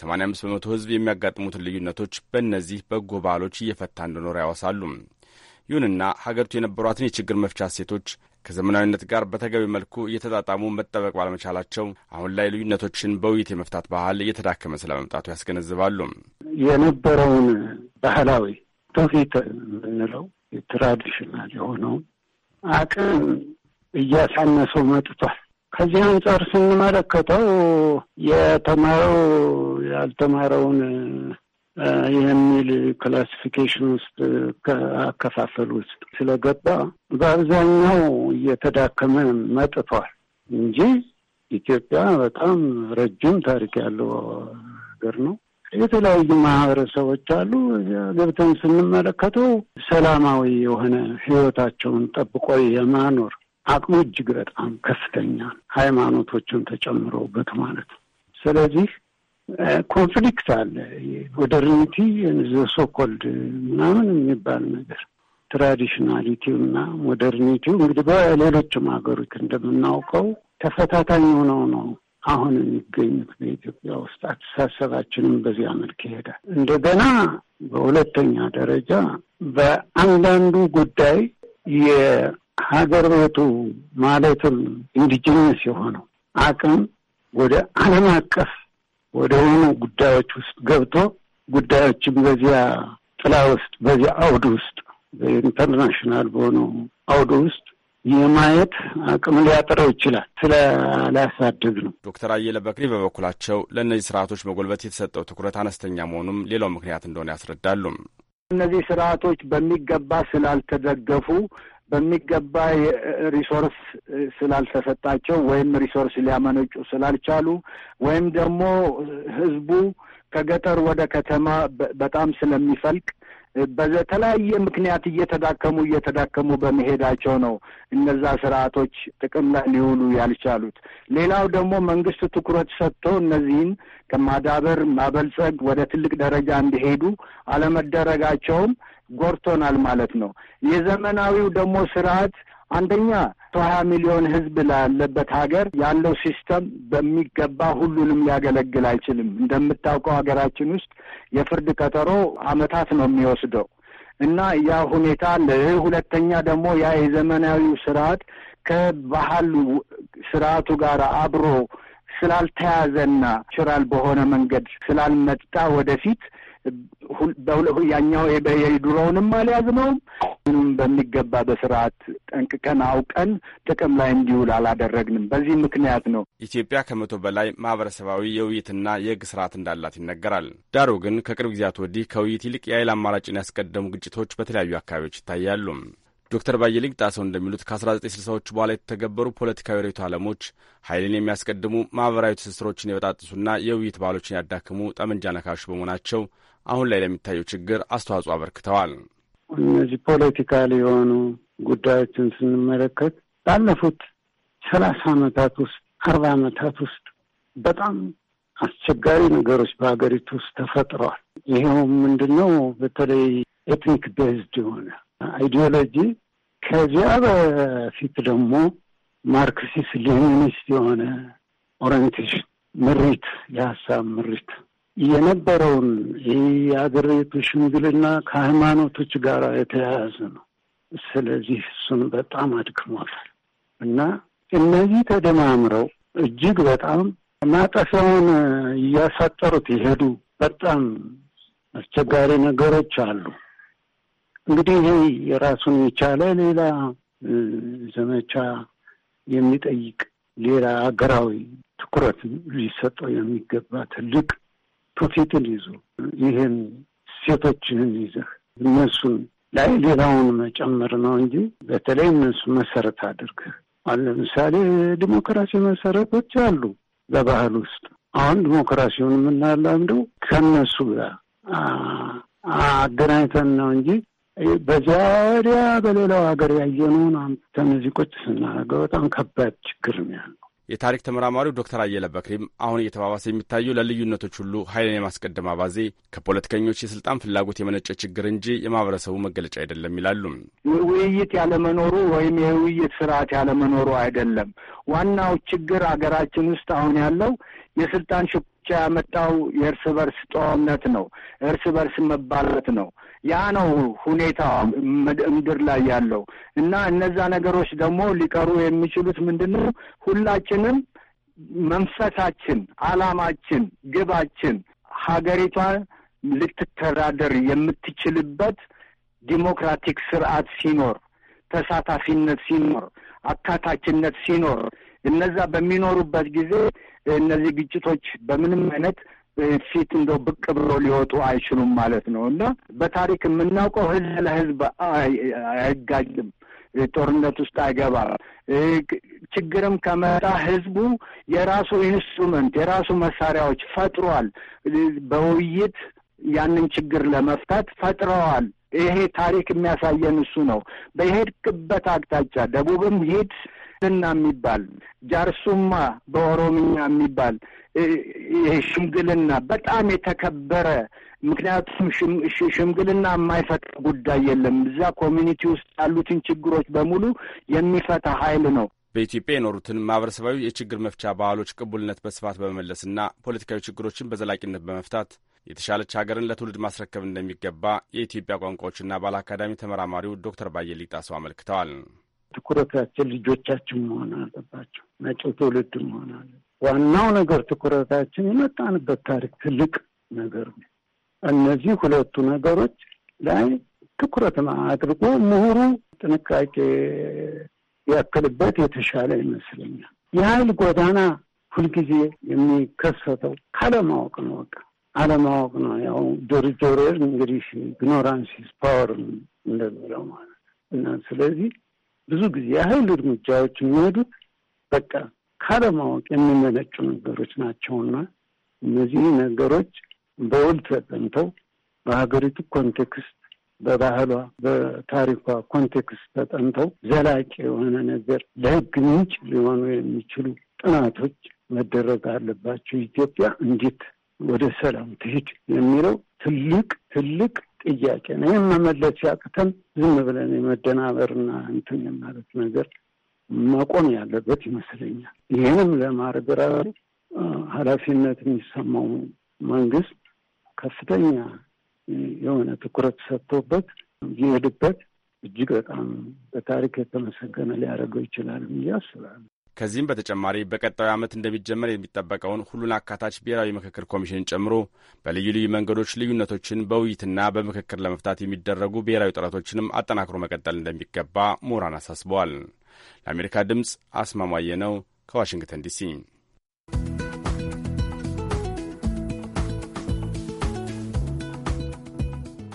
85 በመቶ ህዝብ የሚያጋጥሙትን ልዩነቶች በእነዚህ በጎ ባህሎች እየፈታ እንደኖረ ያወሳሉ። ይሁንና ሀገሪቱ የነበሯትን የችግር መፍቻ ሴቶች ከዘመናዊነት ጋር በተገቢ መልኩ እየተጣጣሙ መጠበቅ ባለመቻላቸው አሁን ላይ ልዩነቶችን በውይይት የመፍታት ባህል እየተዳከመ ስለመምጣቱ ያስገነዝባሉ። የነበረውን ባህላዊ ትውፊት የምንለው ትራዲሽናል የሆነውን አቅም እያሳነሰው መጥቷል። ከዚህ አንጻር ስንመለከተው የተማረው ያልተማረውን የሚል ክላሲፊኬሽን ውስጥ አከፋፈል ውስጥ ስለገባ በአብዛኛው እየተዳከመ መጥቷል እንጂ ኢትዮጵያ በጣም ረጅም ታሪክ ያለው ሀገር ነው። የተለያዩ ማህበረሰቦች አሉ። ገብተን ስንመለከተው ሰላማዊ የሆነ ህይወታቸውን ጠብቆ የማኖር አቅሙ እጅግ በጣም ከፍተኛ ሃይማኖቶችን ተጨምረውበት ማለት ነው። ስለዚህ ኮንፍሊክት አለ። ሞደርኒቲ ሶኮልድ ምናምን የሚባል ነገር ትራዲሽናሊቲው እና ሞደርኒቲው እንግዲህ በሌሎችም ሀገሮች እንደምናውቀው ተፈታታኝ ሆነው ነው አሁን የሚገኙት በኢትዮጵያ ውስጥ አስተሳሰባችንም በዚያ መልክ ይሄዳል። እንደገና በሁለተኛ ደረጃ በአንዳንዱ ጉዳይ የሀገር ቤቱ ማለትም ኢንዲጂነስ የሆነው አቅም ወደ ዓለም አቀፍ ወደ ሆኑ ጉዳዮች ውስጥ ገብቶ ጉዳዮችን በዚያ ጥላ ውስጥ በዚያ አውድ ውስጥ በኢንተርናሽናል በሆነው አውድ ውስጥ የማየት አቅም ሊያጠረው ይችላል። ስላላሳድግ ነው። ዶክተር አየለ በክሪ በበኩላቸው ለእነዚህ ስርዓቶች መጎልበት የተሰጠው ትኩረት አነስተኛ መሆኑም ሌላው ምክንያት እንደሆነ ያስረዳሉ። እነዚህ ስርዓቶች በሚገባ ስላልተደገፉ በሚገባ ሪሶርስ ስላልተሰጣቸው ወይም ሪሶርስ ሊያመነጩ ስላልቻሉ ወይም ደግሞ ህዝቡ ከገጠር ወደ ከተማ በጣም ስለሚፈልቅ በተለያየ ምክንያት እየተዳከሙ እየተዳከሙ በመሄዳቸው ነው እነዛ ስርዓቶች ጥቅም ላይ ሊውሉ ያልቻሉት። ሌላው ደግሞ መንግስት ትኩረት ሰጥቶ እነዚህን ከማዳበር ማበልጸግ ወደ ትልቅ ደረጃ እንዲሄዱ አለመደረጋቸውም ጎርቶናል ማለት ነው። የዘመናዊው ደግሞ ስርዓት አንደኛ መቶ ሀያ ሚሊዮን ህዝብ ላለበት ሀገር ያለው ሲስተም በሚገባ ሁሉንም ሊያገለግል አይችልም። እንደምታውቀው ሀገራችን ውስጥ የፍርድ ቀጠሮ አመታት ነው የሚወስደው እና ያ ሁኔታ አለ። ሁለተኛ ደግሞ ያ የዘመናዊው ስርዓት ከባህሉ ስርዓቱ ጋር አብሮ ስላልተያዘና ችራል በሆነ መንገድ ስላልመጣ ወደፊት ያኛው የድሮውንም አልያዝነውም ምንም በሚገባ በስርዓት ጠንቅቀን አውቀን ጥቅም ላይ እንዲውል አላደረግንም። በዚህ ምክንያት ነው ኢትዮጵያ ከመቶ በላይ ማህበረሰባዊ የውይይትና የህግ ስርዓት እንዳላት ይነገራል። ዳሩ ግን ከቅርብ ጊዜያት ወዲህ ከውይይት ይልቅ የኃይል አማራጭን ያስቀደሙ ግጭቶች በተለያዩ አካባቢዎች ይታያሉ። ዶክተር ባየሊግ ጣሰው እንደሚሉት ከ1960ዎቹ በኋላ የተተገበሩ ፖለቲካዊ ርዕዮተ ዓለሞች ኃይልን የሚያስቀድሙ ማኅበራዊ ትስስሮችን የበጣጥሱና የውይይት ባህሎችን ያዳክሙ ጠመንጃ ነካሹ በመሆናቸው አሁን ላይ ለሚታየው ችግር አስተዋጽኦ አበርክተዋል። እነዚህ ፖለቲካል የሆኑ ጉዳዮችን ስንመለከት ባለፉት ሰላሳ ዓመታት ውስጥ አርባ ዓመታት ውስጥ በጣም አስቸጋሪ ነገሮች በሀገሪቱ ውስጥ ተፈጥረዋል። ይኸውም ምንድን ነው? በተለይ ኤትኒክ ቤዝድ የሆነ አይዲዮሎጂ ከዚያ በፊት ደግሞ ማርክሲስት ሌኒኒስት የሆነ ኦሪንቴሽን ምሪት፣ የሀሳብ ምሪት የነበረውን የአገሪቱ ሽምግልና ከሃይማኖቶች ጋር የተያያዘ ነው። ስለዚህ እሱን በጣም አድክሟታል እና እነዚህ ተደማምረው እጅግ በጣም ማጠፊያውን እያሳጠሩት የሄዱ በጣም አስቸጋሪ ነገሮች አሉ። እንግዲህ ይሄ የራሱን የቻለ ሌላ ዘመቻ የሚጠይቅ ሌላ ሀገራዊ ትኩረት ሊሰጠው የሚገባ ትልቅ ፕሮፌትን ይዞ ይህን ሴቶችህን ይዘህ እነሱን ላይ ሌላውን መጨመር ነው እንጂ በተለይ እነሱ መሰረት አድርገህ አሁን ለምሳሌ ዲሞክራሲ መሰረቶች አሉ በባህል ውስጥ አሁን ዲሞክራሲውን የምናላምደው ከነሱ ጋር አገናኝተን ነው እንጂ በዛሪያ በሌላው ሀገር ያየነውን አንተ ሙዚቆች ስናደርገው በጣም ከባድ ችግር ነው ያለው። የታሪክ ተመራማሪው ዶክተር አየለ በክሪም አሁን እየተባባሰ የሚታየው ለልዩነቶች ሁሉ ኃይልን የማስቀደም አባዜ ከፖለቲከኞች የስልጣን ፍላጎት የመነጨ ችግር እንጂ የማህበረሰቡ መገለጫ አይደለም ይላሉ። ውይይት ያለመኖሩ ወይም የውይይት ስርዓት ያለመኖሩ አይደለም። ዋናው ችግር አገራችን ውስጥ አሁን ያለው የስልጣን ብቻ ያመጣው የእርስ በርስ ጦርነት ነው፣ እርስ በርስ መባላት ነው። ያ ነው ሁኔታ ምድር ላይ ያለው እና እነዛ ነገሮች ደግሞ ሊቀሩ የሚችሉት ምንድን ነው? ሁላችንም መንፈሳችን፣ አላማችን፣ ግባችን ሀገሪቷ ልትተዳደር የምትችልበት ዲሞክራቲክ ስርዓት ሲኖር፣ ተሳታፊነት ሲኖር፣ አካታችነት ሲኖር እነዛ በሚኖሩበት ጊዜ እነዚህ ግጭቶች በምንም አይነት ፊት እንደው ብቅ ብሎ ሊወጡ አይችሉም ማለት ነው እና በታሪክ የምናውቀው ህዝብ ለህዝብ አይጋጭም፣ ጦርነት ውስጥ አይገባም። ችግርም ከመጣ ህዝቡ የራሱ ኢንስትሩመንት የራሱ መሳሪያዎች ፈጥሯል። በውይይት ያንን ችግር ለመፍታት ፈጥረዋል። ይሄ ታሪክ የሚያሳየን እሱ ነው። በሄድክበት አቅጣጫ ደቡብም ሂድ፣ ህና የሚባል ጃርሱማ በኦሮምኛ የሚባል ይሄ ሽምግልና በጣም የተከበረ ምክንያቱም ሽምግልና የማይፈታ ጉዳይ የለም። እዛ ኮሚኒቲ ውስጥ ያሉትን ችግሮች በሙሉ የሚፈታ ኃይል ነው። በኢትዮጵያ የኖሩትን ማህበረሰባዊ የችግር መፍቻ ባህሎች ቅቡልነት በስፋት በመመለስና ፖለቲካዊ ችግሮችን በዘላቂነት በመፍታት የተሻለች ሀገርን ለትውልድ ማስረከብ እንደሚገባ የኢትዮጵያ ቋንቋዎችና ባህል አካዳሚ ተመራማሪው ዶክተር ባየሊ አመልክተዋል። ትኩረታችን ልጆቻችን መሆን አለባቸው፣ መጪው ትውልድ መሆን አለ። ዋናው ነገር ትኩረታችን የመጣንበት ታሪክ ትልቅ ነገር ነው። እነዚህ ሁለቱ ነገሮች ላይ ትኩረት አድርጎ ምሁሩ ጥንቃቄ ያክልበት የተሻለ ይመስለኛል። የኃይል ጎዳና ሁልጊዜ የሚከሰተው ካለማወቅ ነው። በቃ አለማወቅ ነው። ያው ጆርጅ ኦርዌል እንግዲህ ኢግኖራንስ ኢዝ ፓወር እንደሚለው ማለት እና ስለዚህ ብዙ ጊዜ የሀይል እርምጃዎች የሚሄዱት በቃ ካለማወቅ የሚመነጩ ነገሮች ናቸውና እነዚህ ነገሮች በውል ተጠንተው በሀገሪቱ ኮንቴክስት በባህሏ በታሪኳ ኮንቴክስት ተጠንተው ዘላቂ የሆነ ነገር ለህግ ምንጭ ሊሆኑ የሚችሉ ጥናቶች መደረግ አለባቸው። ኢትዮጵያ እንዴት ወደ ሰላም ትሄድ የሚለው ትልቅ ትልቅ ጥያቄ ነው። ይህም መመለስ ሲያቅተን ዝም ብለን የመደናበርና እንትን የማለት ነገር መቆም ያለበት ይመስለኛል። ይህንም ለማድረግ ራሱ ኃላፊነት የሚሰማው መንግስት ከፍተኛ የሆነ ትኩረት ሰጥቶበት ይሄድበት እጅግ በጣም በታሪክ የተመሰገነ ሊያደርገው ይችላል ብዬ አስባለሁ። ከዚህም በተጨማሪ በቀጣዩ ዓመት እንደሚጀመር የሚጠበቀውን ሁሉን አካታች ብሔራዊ ምክክር ኮሚሽን ጨምሮ በልዩ ልዩ መንገዶች ልዩነቶችን በውይይትና በምክክር ለመፍታት የሚደረጉ ብሔራዊ ጥረቶችንም አጠናክሮ መቀጠል እንደሚገባ ምሁራን አሳስበዋል። ለአሜሪካ ድምፅ አስማማየ ነው ከዋሽንግተን ዲሲ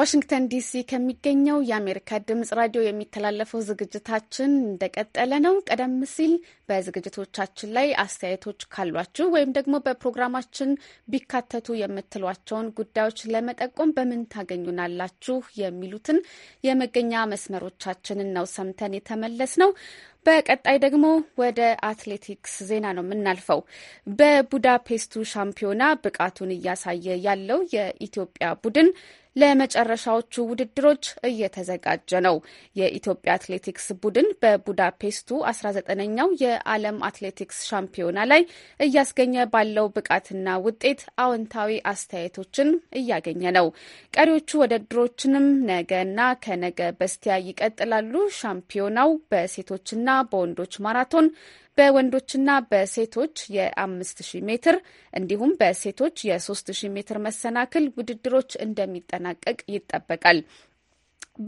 ዋሽንግተን ዲሲ ከሚገኘው የአሜሪካ ድምጽ ራዲዮ የሚተላለፈው ዝግጅታችን እንደቀጠለ ነው። ቀደም ሲል በዝግጅቶቻችን ላይ አስተያየቶች ካሏችሁ ወይም ደግሞ በፕሮግራማችን ቢካተቱ የምትሏቸውን ጉዳዮች ለመጠቆም በምን ታገኙናላችሁ የሚሉትን የመገኛ መስመሮቻችንን ነው ሰምተን የተመለስ ነው። በቀጣይ ደግሞ ወደ አትሌቲክስ ዜና ነው የምናልፈው። በቡዳፔስቱ ሻምፒዮና ብቃቱን እያሳየ ያለው የኢትዮጵያ ቡድን ለመጨረሻዎቹ ውድድሮች እየተዘጋጀ ነው። የኢትዮጵያ አትሌቲክስ ቡድን በቡዳፔስቱ 19ኛው የዓለም አትሌቲክስ ሻምፒዮና ላይ እያስገኘ ባለው ብቃትና ውጤት አዎንታዊ አስተያየቶችን እያገኘ ነው። ቀሪዎቹ ውድድሮችንም ነገና ከነገ በስቲያ ይቀጥላሉ። ሻምፒዮናው በሴቶችና በወንዶች ማራቶን በወንዶችና በሴቶች የ5000 ሜትር እንዲሁም በሴቶች የ3000 ሜትር መሰናክል ውድድሮች እንደሚጠናቀቅ ይጠበቃል።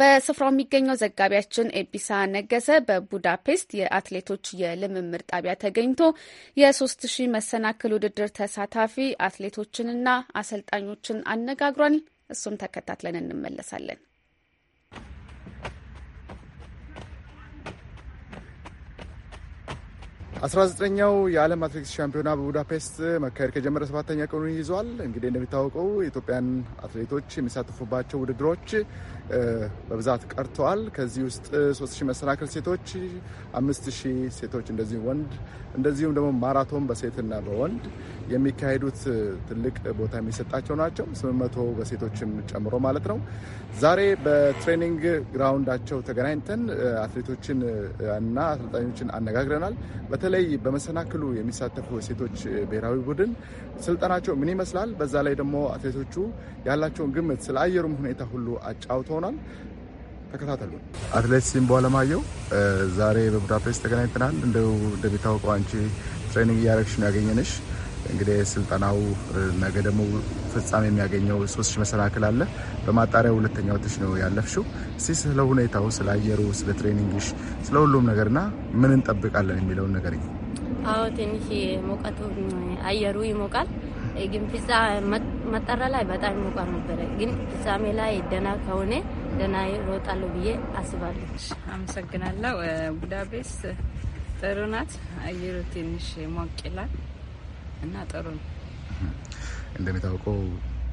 በስፍራው የሚገኘው ዘጋቢያችን ኤቢሳ ነገሰ በቡዳፔስት የአትሌቶች የልምምድ ጣቢያ ተገኝቶ የሶስት ሺህ መሰናክል ውድድር ተሳታፊ አትሌቶችንና አሰልጣኞችን አነጋግሯል። እሱን ተከታትለን እንመለሳለን። 19ኛው የዓለም አትሌቲክስ ሻምፒዮና በቡዳፔስት መካሄድ ከጀመረ ሰባተኛ ቀኑን ይዟል። እንግዲህ እንደሚታወቀው የኢትዮጵያን አትሌቶች የሚሳተፉባቸው ውድድሮች በብዛት ቀርተዋል። ከዚህ ውስጥ 3000 መሰናክል ሴቶች፣ 5000 ሴቶች እንደዚህ ወንድ እንደዚሁም ደግሞ ማራቶን በሴትና በወንድ የሚካሄዱት ትልቅ ቦታ የሚሰጣቸው ናቸው። 800 በሴቶችም ጨምሮ ማለት ነው። ዛሬ በትሬኒንግ ግራውንዳቸው ተገናኝተን አትሌቶችን እና አሰልጣኞችን አነጋግረናል። በተለይ በመሰናክሉ የሚሳተፉ ሴቶች ብሔራዊ ቡድን ስልጠናቸው ምን ይመስላል፣ በዛ ላይ ደግሞ አትሌቶቹ ያላቸውን ግምት ስለ አየሩም ሁኔታ ሁሉ አጫውተዋል። ሆኗል ተከታተሉ። አትሌት ሲምቦ አለማየሁ ዛሬ በቡዳፔስት ተገናኝተናል። እንደው እንደሚታወቀው አንቺ ትሬኒንግ እያደረግሽ ነው ያገኘንሽ። እንግዲህ ስልጠናው ነገ ደግሞ ፍጻሜ የሚያገኘው ሶስት ሺህ መሰናክል አለ። በማጣሪያ ሁለተኛ ወጥሽ ነው ያለፍሽው። እስቲ ስለ ሁኔታው፣ ስለ አየሩ፣ ስለ ትሬኒንግሽ፣ ስለ ሁሉም ነገርና ምን እንጠብቃለን የሚለውን ነገር አዎ፣ ትንሽ ሙቀቱ አየሩ ይሞቃል ግን ፒዛ መጠራ ላይ በጣም ሞቃ ነበረ። ግን ፍጻሜ ላይ ደና ከሆነ ደና ይሮጣለሁ ብዬ አስባለሁ። አመሰግናለሁ። ቡዳፔስት ጥሩ ናት። አየሩ ትንሽ ሞቅ ይላል እና ጥሩ ነው። እንደሚታወቀው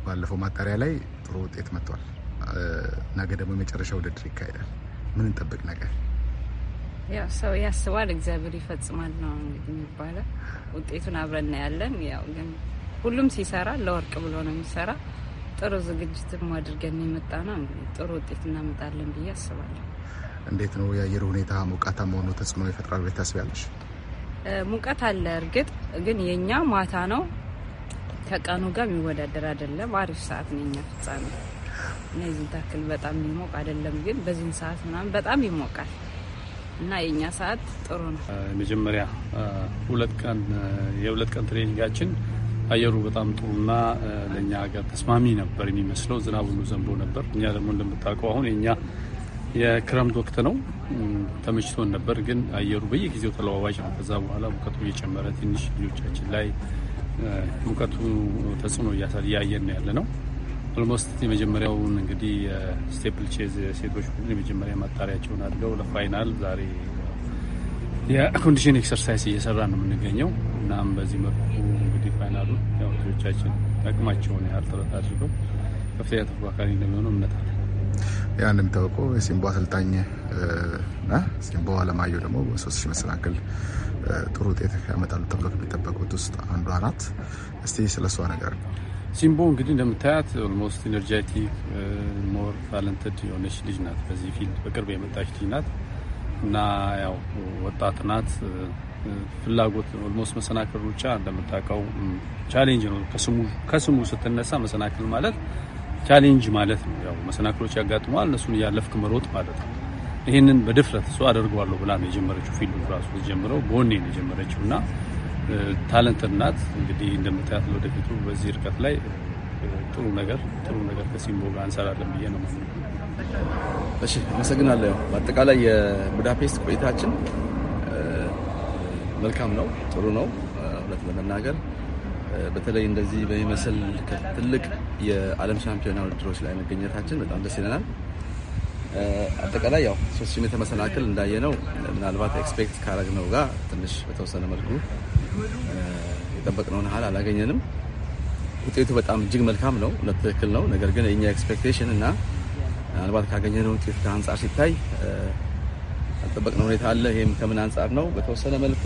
ባለፈው ማጣሪያ ላይ ጥሩ ውጤት መጥቷል። ነገ ደግሞ የመጨረሻ ውድድር ይካሄዳል። ምን እንጠብቅ? ነገ ያው ሰው ያስባል፣ እግዚአብሔር ይፈጽማል ነው እንግዲህ የሚባለው። ውጤቱን አብረን ያለን ያው ግን ሁሉም ሲሰራ ለወርቅ ብሎ ነው የሚሰራ። ጥሩ ዝግጅትም አድርገን የመጣ ነው። ጥሩ ውጤት እናመጣለን ብዬ አስባለሁ። እንዴት ነው የአየር ሁኔታ ሙቃታ መሆኑ ተጽዕኖ ይፈጥራል ብለሽ ታስቢያለሽ? ሙቀት አለ እርግጥ ግን የኛ ማታ ነው ከቀኑ ጋር የሚወዳደር አይደለም። አሪፍ ሰዓት ነው የኛ ፍጻሜ። እነዚህን ታክል በጣም የሚሞቅ አይደለም፣ ግን በዚህን ሰዓት ምናምን በጣም ይሞቃል እና የእኛ ሰዓት ጥሩ ነው። መጀመሪያ ሁለት ቀን የሁለት ቀን ትሬኒንጋችን አየሩ በጣም ጥሩና ለእኛ ሀገር ተስማሚ ነበር የሚመስለው። ዝናብ ሁሉ ዘንቦ ነበር። እኛ ደግሞ እንደምታውቀው አሁን የኛ የክረምት ወቅት ነው። ተመችቶን ነበር፣ ግን አየሩ በየጊዜው ተለዋዋጭ ነው። ከዛ በኋላ ሙቀቱ እየጨመረ ትንሽ ልጆቻችን ላይ ሙቀቱ ተጽዕኖ እያየን ነው ያለ ነው። ኦልሞስት የመጀመሪያውን እንግዲህ ስቴፕል ቼዝ ሴቶች ቡድን የመጀመሪያ ማጣሪያቸውን አድርገው ለፋይናል ዛሬ የኮንዲሽን ኤክሰርሳይዝ እየሰራ ነው የምንገኘው። እናም በዚህ መልኩ እንግዲህ ፋይናሉ ያው ልጆቻችን አቅማቸውን ያህል ጥረት አድርገው ከፍተኛ ተፎካካሪ እንደሚሆኑ እምነት አለ። ያ እንደሚታወቀው የሲምቦ አሰልጣኝ እና ሲምቦ አለማየሁ ደግሞ በሶስት ሺህ መሰናክል ጥሩ ውጤት ያመጣሉ ተብሎ ከሚጠበቁት ውስጥ አንዷ ናት። እስቲ ስለሷ ነገር ሲምቦ እንግዲህ እንደምታያት ኦልሞስት ኢነርጂቲክ ሞር ታለንትድ የሆነች ልጅ ናት። በዚህ ፊልድ በቅርብ የመጣች ልጅ ናት እና ያው ወጣት ናት ፍላጎት ኦልሞስት መሰናክል ሩጫ እንደምታውቀው ቻሌንጅ ነው። ከስሙ ስትነሳ መሰናክል ማለት ቻሌንጅ ማለት ነው። ያው መሰናክሎች ያጋጥመዋል፣ እነሱን እያለፍክ መሮጥ ማለት ነው። ይህንን በድፍረት እሱ አደርገዋለሁ ብላ ነው የጀመረችው። ፊልዱ ራሱ ጀምረው በወኔ ነው የጀመረችው እና ታለንትድ ናት። እንግዲህ እንደምታያት ለወደፊቱ በዚህ እርቀት ላይ ጥሩ ነገር ጥሩ ነገር ከሲምቦ ጋር እንሰራለን ብዬ ነው። እሺ፣ አመሰግናለሁ። በአጠቃላይ የቡዳፔስት ቆይታችን መልካም ነው፣ ጥሩ ነው። እውነት ለመናገር በተለይ እንደዚህ በሚመስል ትልቅ የዓለም ሻምፒዮና ውድድሮች ላይ መገኘታችን በጣም ደስ ይለናል። አጠቃላይ ያው ሶስት ሺህ ሜትር መሰናክል እንዳየነው ምናልባት ኤክስፔክት ካረግነው ጋር ትንሽ በተወሰነ መልኩ የጠበቅነውን ያህል አላገኘንም። ውጤቱ በጣም እጅግ መልካም ነው፣ ትክክል ነው። ነገር ግን የኛ ኤክስፔክቴሽን እና ምናልባት ካገኘነው ውጤት ከአንጻር ሲታይ ያልጠበቅነው ሁኔታ አለ። ይህም ከምን አንጻር ነው? በተወሰነ መልኩ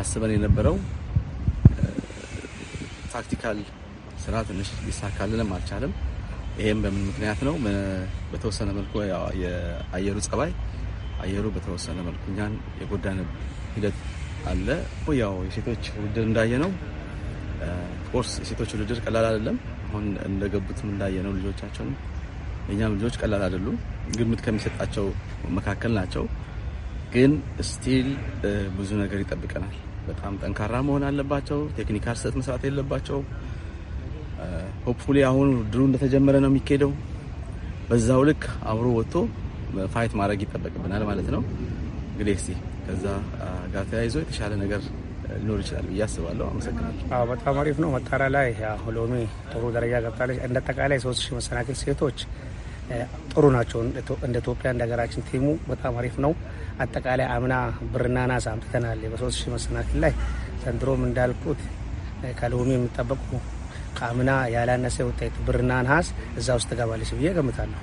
አስበን የነበረው ታክቲካል ስራ ትንሽ ሊሳካልንም አልቻለም። ይህም በምን ምክንያት ነው? በተወሰነ መልኩ የአየሩ ጸባይ አየሩ በተወሰነ መልኩ እኛን የጎዳን ሂደት አለ። ያው የሴቶች ውድድር እንዳየ ነው። ኦፍኮርስ የሴቶች ውድድር ቀላል አይደለም። አሁን እንደገቡትም እንዳየ ነው ልጆቻቸውን የእኛም ልጆች ቀላል አይደሉም። ግምት ከሚሰጣቸው መካከል ናቸው። ግን ስቲል ብዙ ነገር ይጠብቀናል። በጣም ጠንካራ መሆን አለባቸው። ቴክኒካል ስህተት መስራት የለባቸው። ሆፕፉሊ አሁን ድሩ እንደተጀመረ ነው የሚካሄደው። በዛው ልክ አብሮ ወጥቶ ፋይት ማድረግ ይጠበቅብናል ማለት ነው። እንግዲህ እስቲ ከዛ ጋር ተያይዞ የተሻለ ነገር ሊኖር ይችላል ብዬ አስባለሁ። አመሰግናለሁ። በጣም አሪፍ ነው። መጣሪያ ላይ ሎሚ ጥሩ ደረጃ ገብታለች። እንደ አጠቃላይ ሶስት ሺህ መሰናክል ሴቶች ጥሩ ናቸው። እንደ ኢትዮጵያ እንደ ሀገራችን ቲሙ በጣም አሪፍ ነው። አጠቃላይ አምና ብርና ናስ አምጥተናል በሶስት ሺህ መሰናክል ላይ ዘንድሮም እንዳልኩት ከሎሚ የሚጠበቁ ከአምና ያላነሰ ውጤት ብርና ነሐስ እዛ ውስጥ ትገባለች ብዬ ገምታለሁ።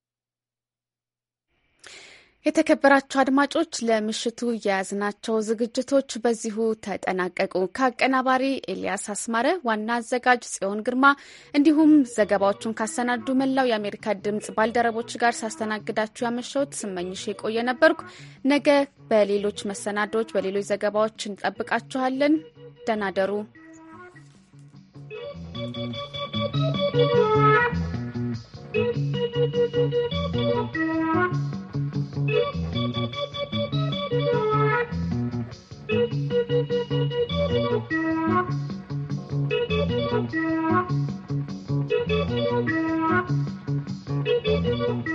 የተከበራቸው አድማጮች ለምሽቱ የያዝናቸው ዝግጅቶች በዚሁ ተጠናቀቁ። ከአቀናባሪ ኤልያስ አስማረ፣ ዋና አዘጋጅ ጽዮን ግርማ እንዲሁም ዘገባዎቹን ካሰናዱ መላው የአሜሪካ ድምጽ ባልደረቦች ጋር ሳስተናግዳችሁ ያመሸሁት ስመኝሽ የቆየ ነበርኩ። ነገ በሌሎች መሰናዶዎች በሌሎች ዘገባዎች እንጠብቃችኋለን። ደናደሩ Thank you.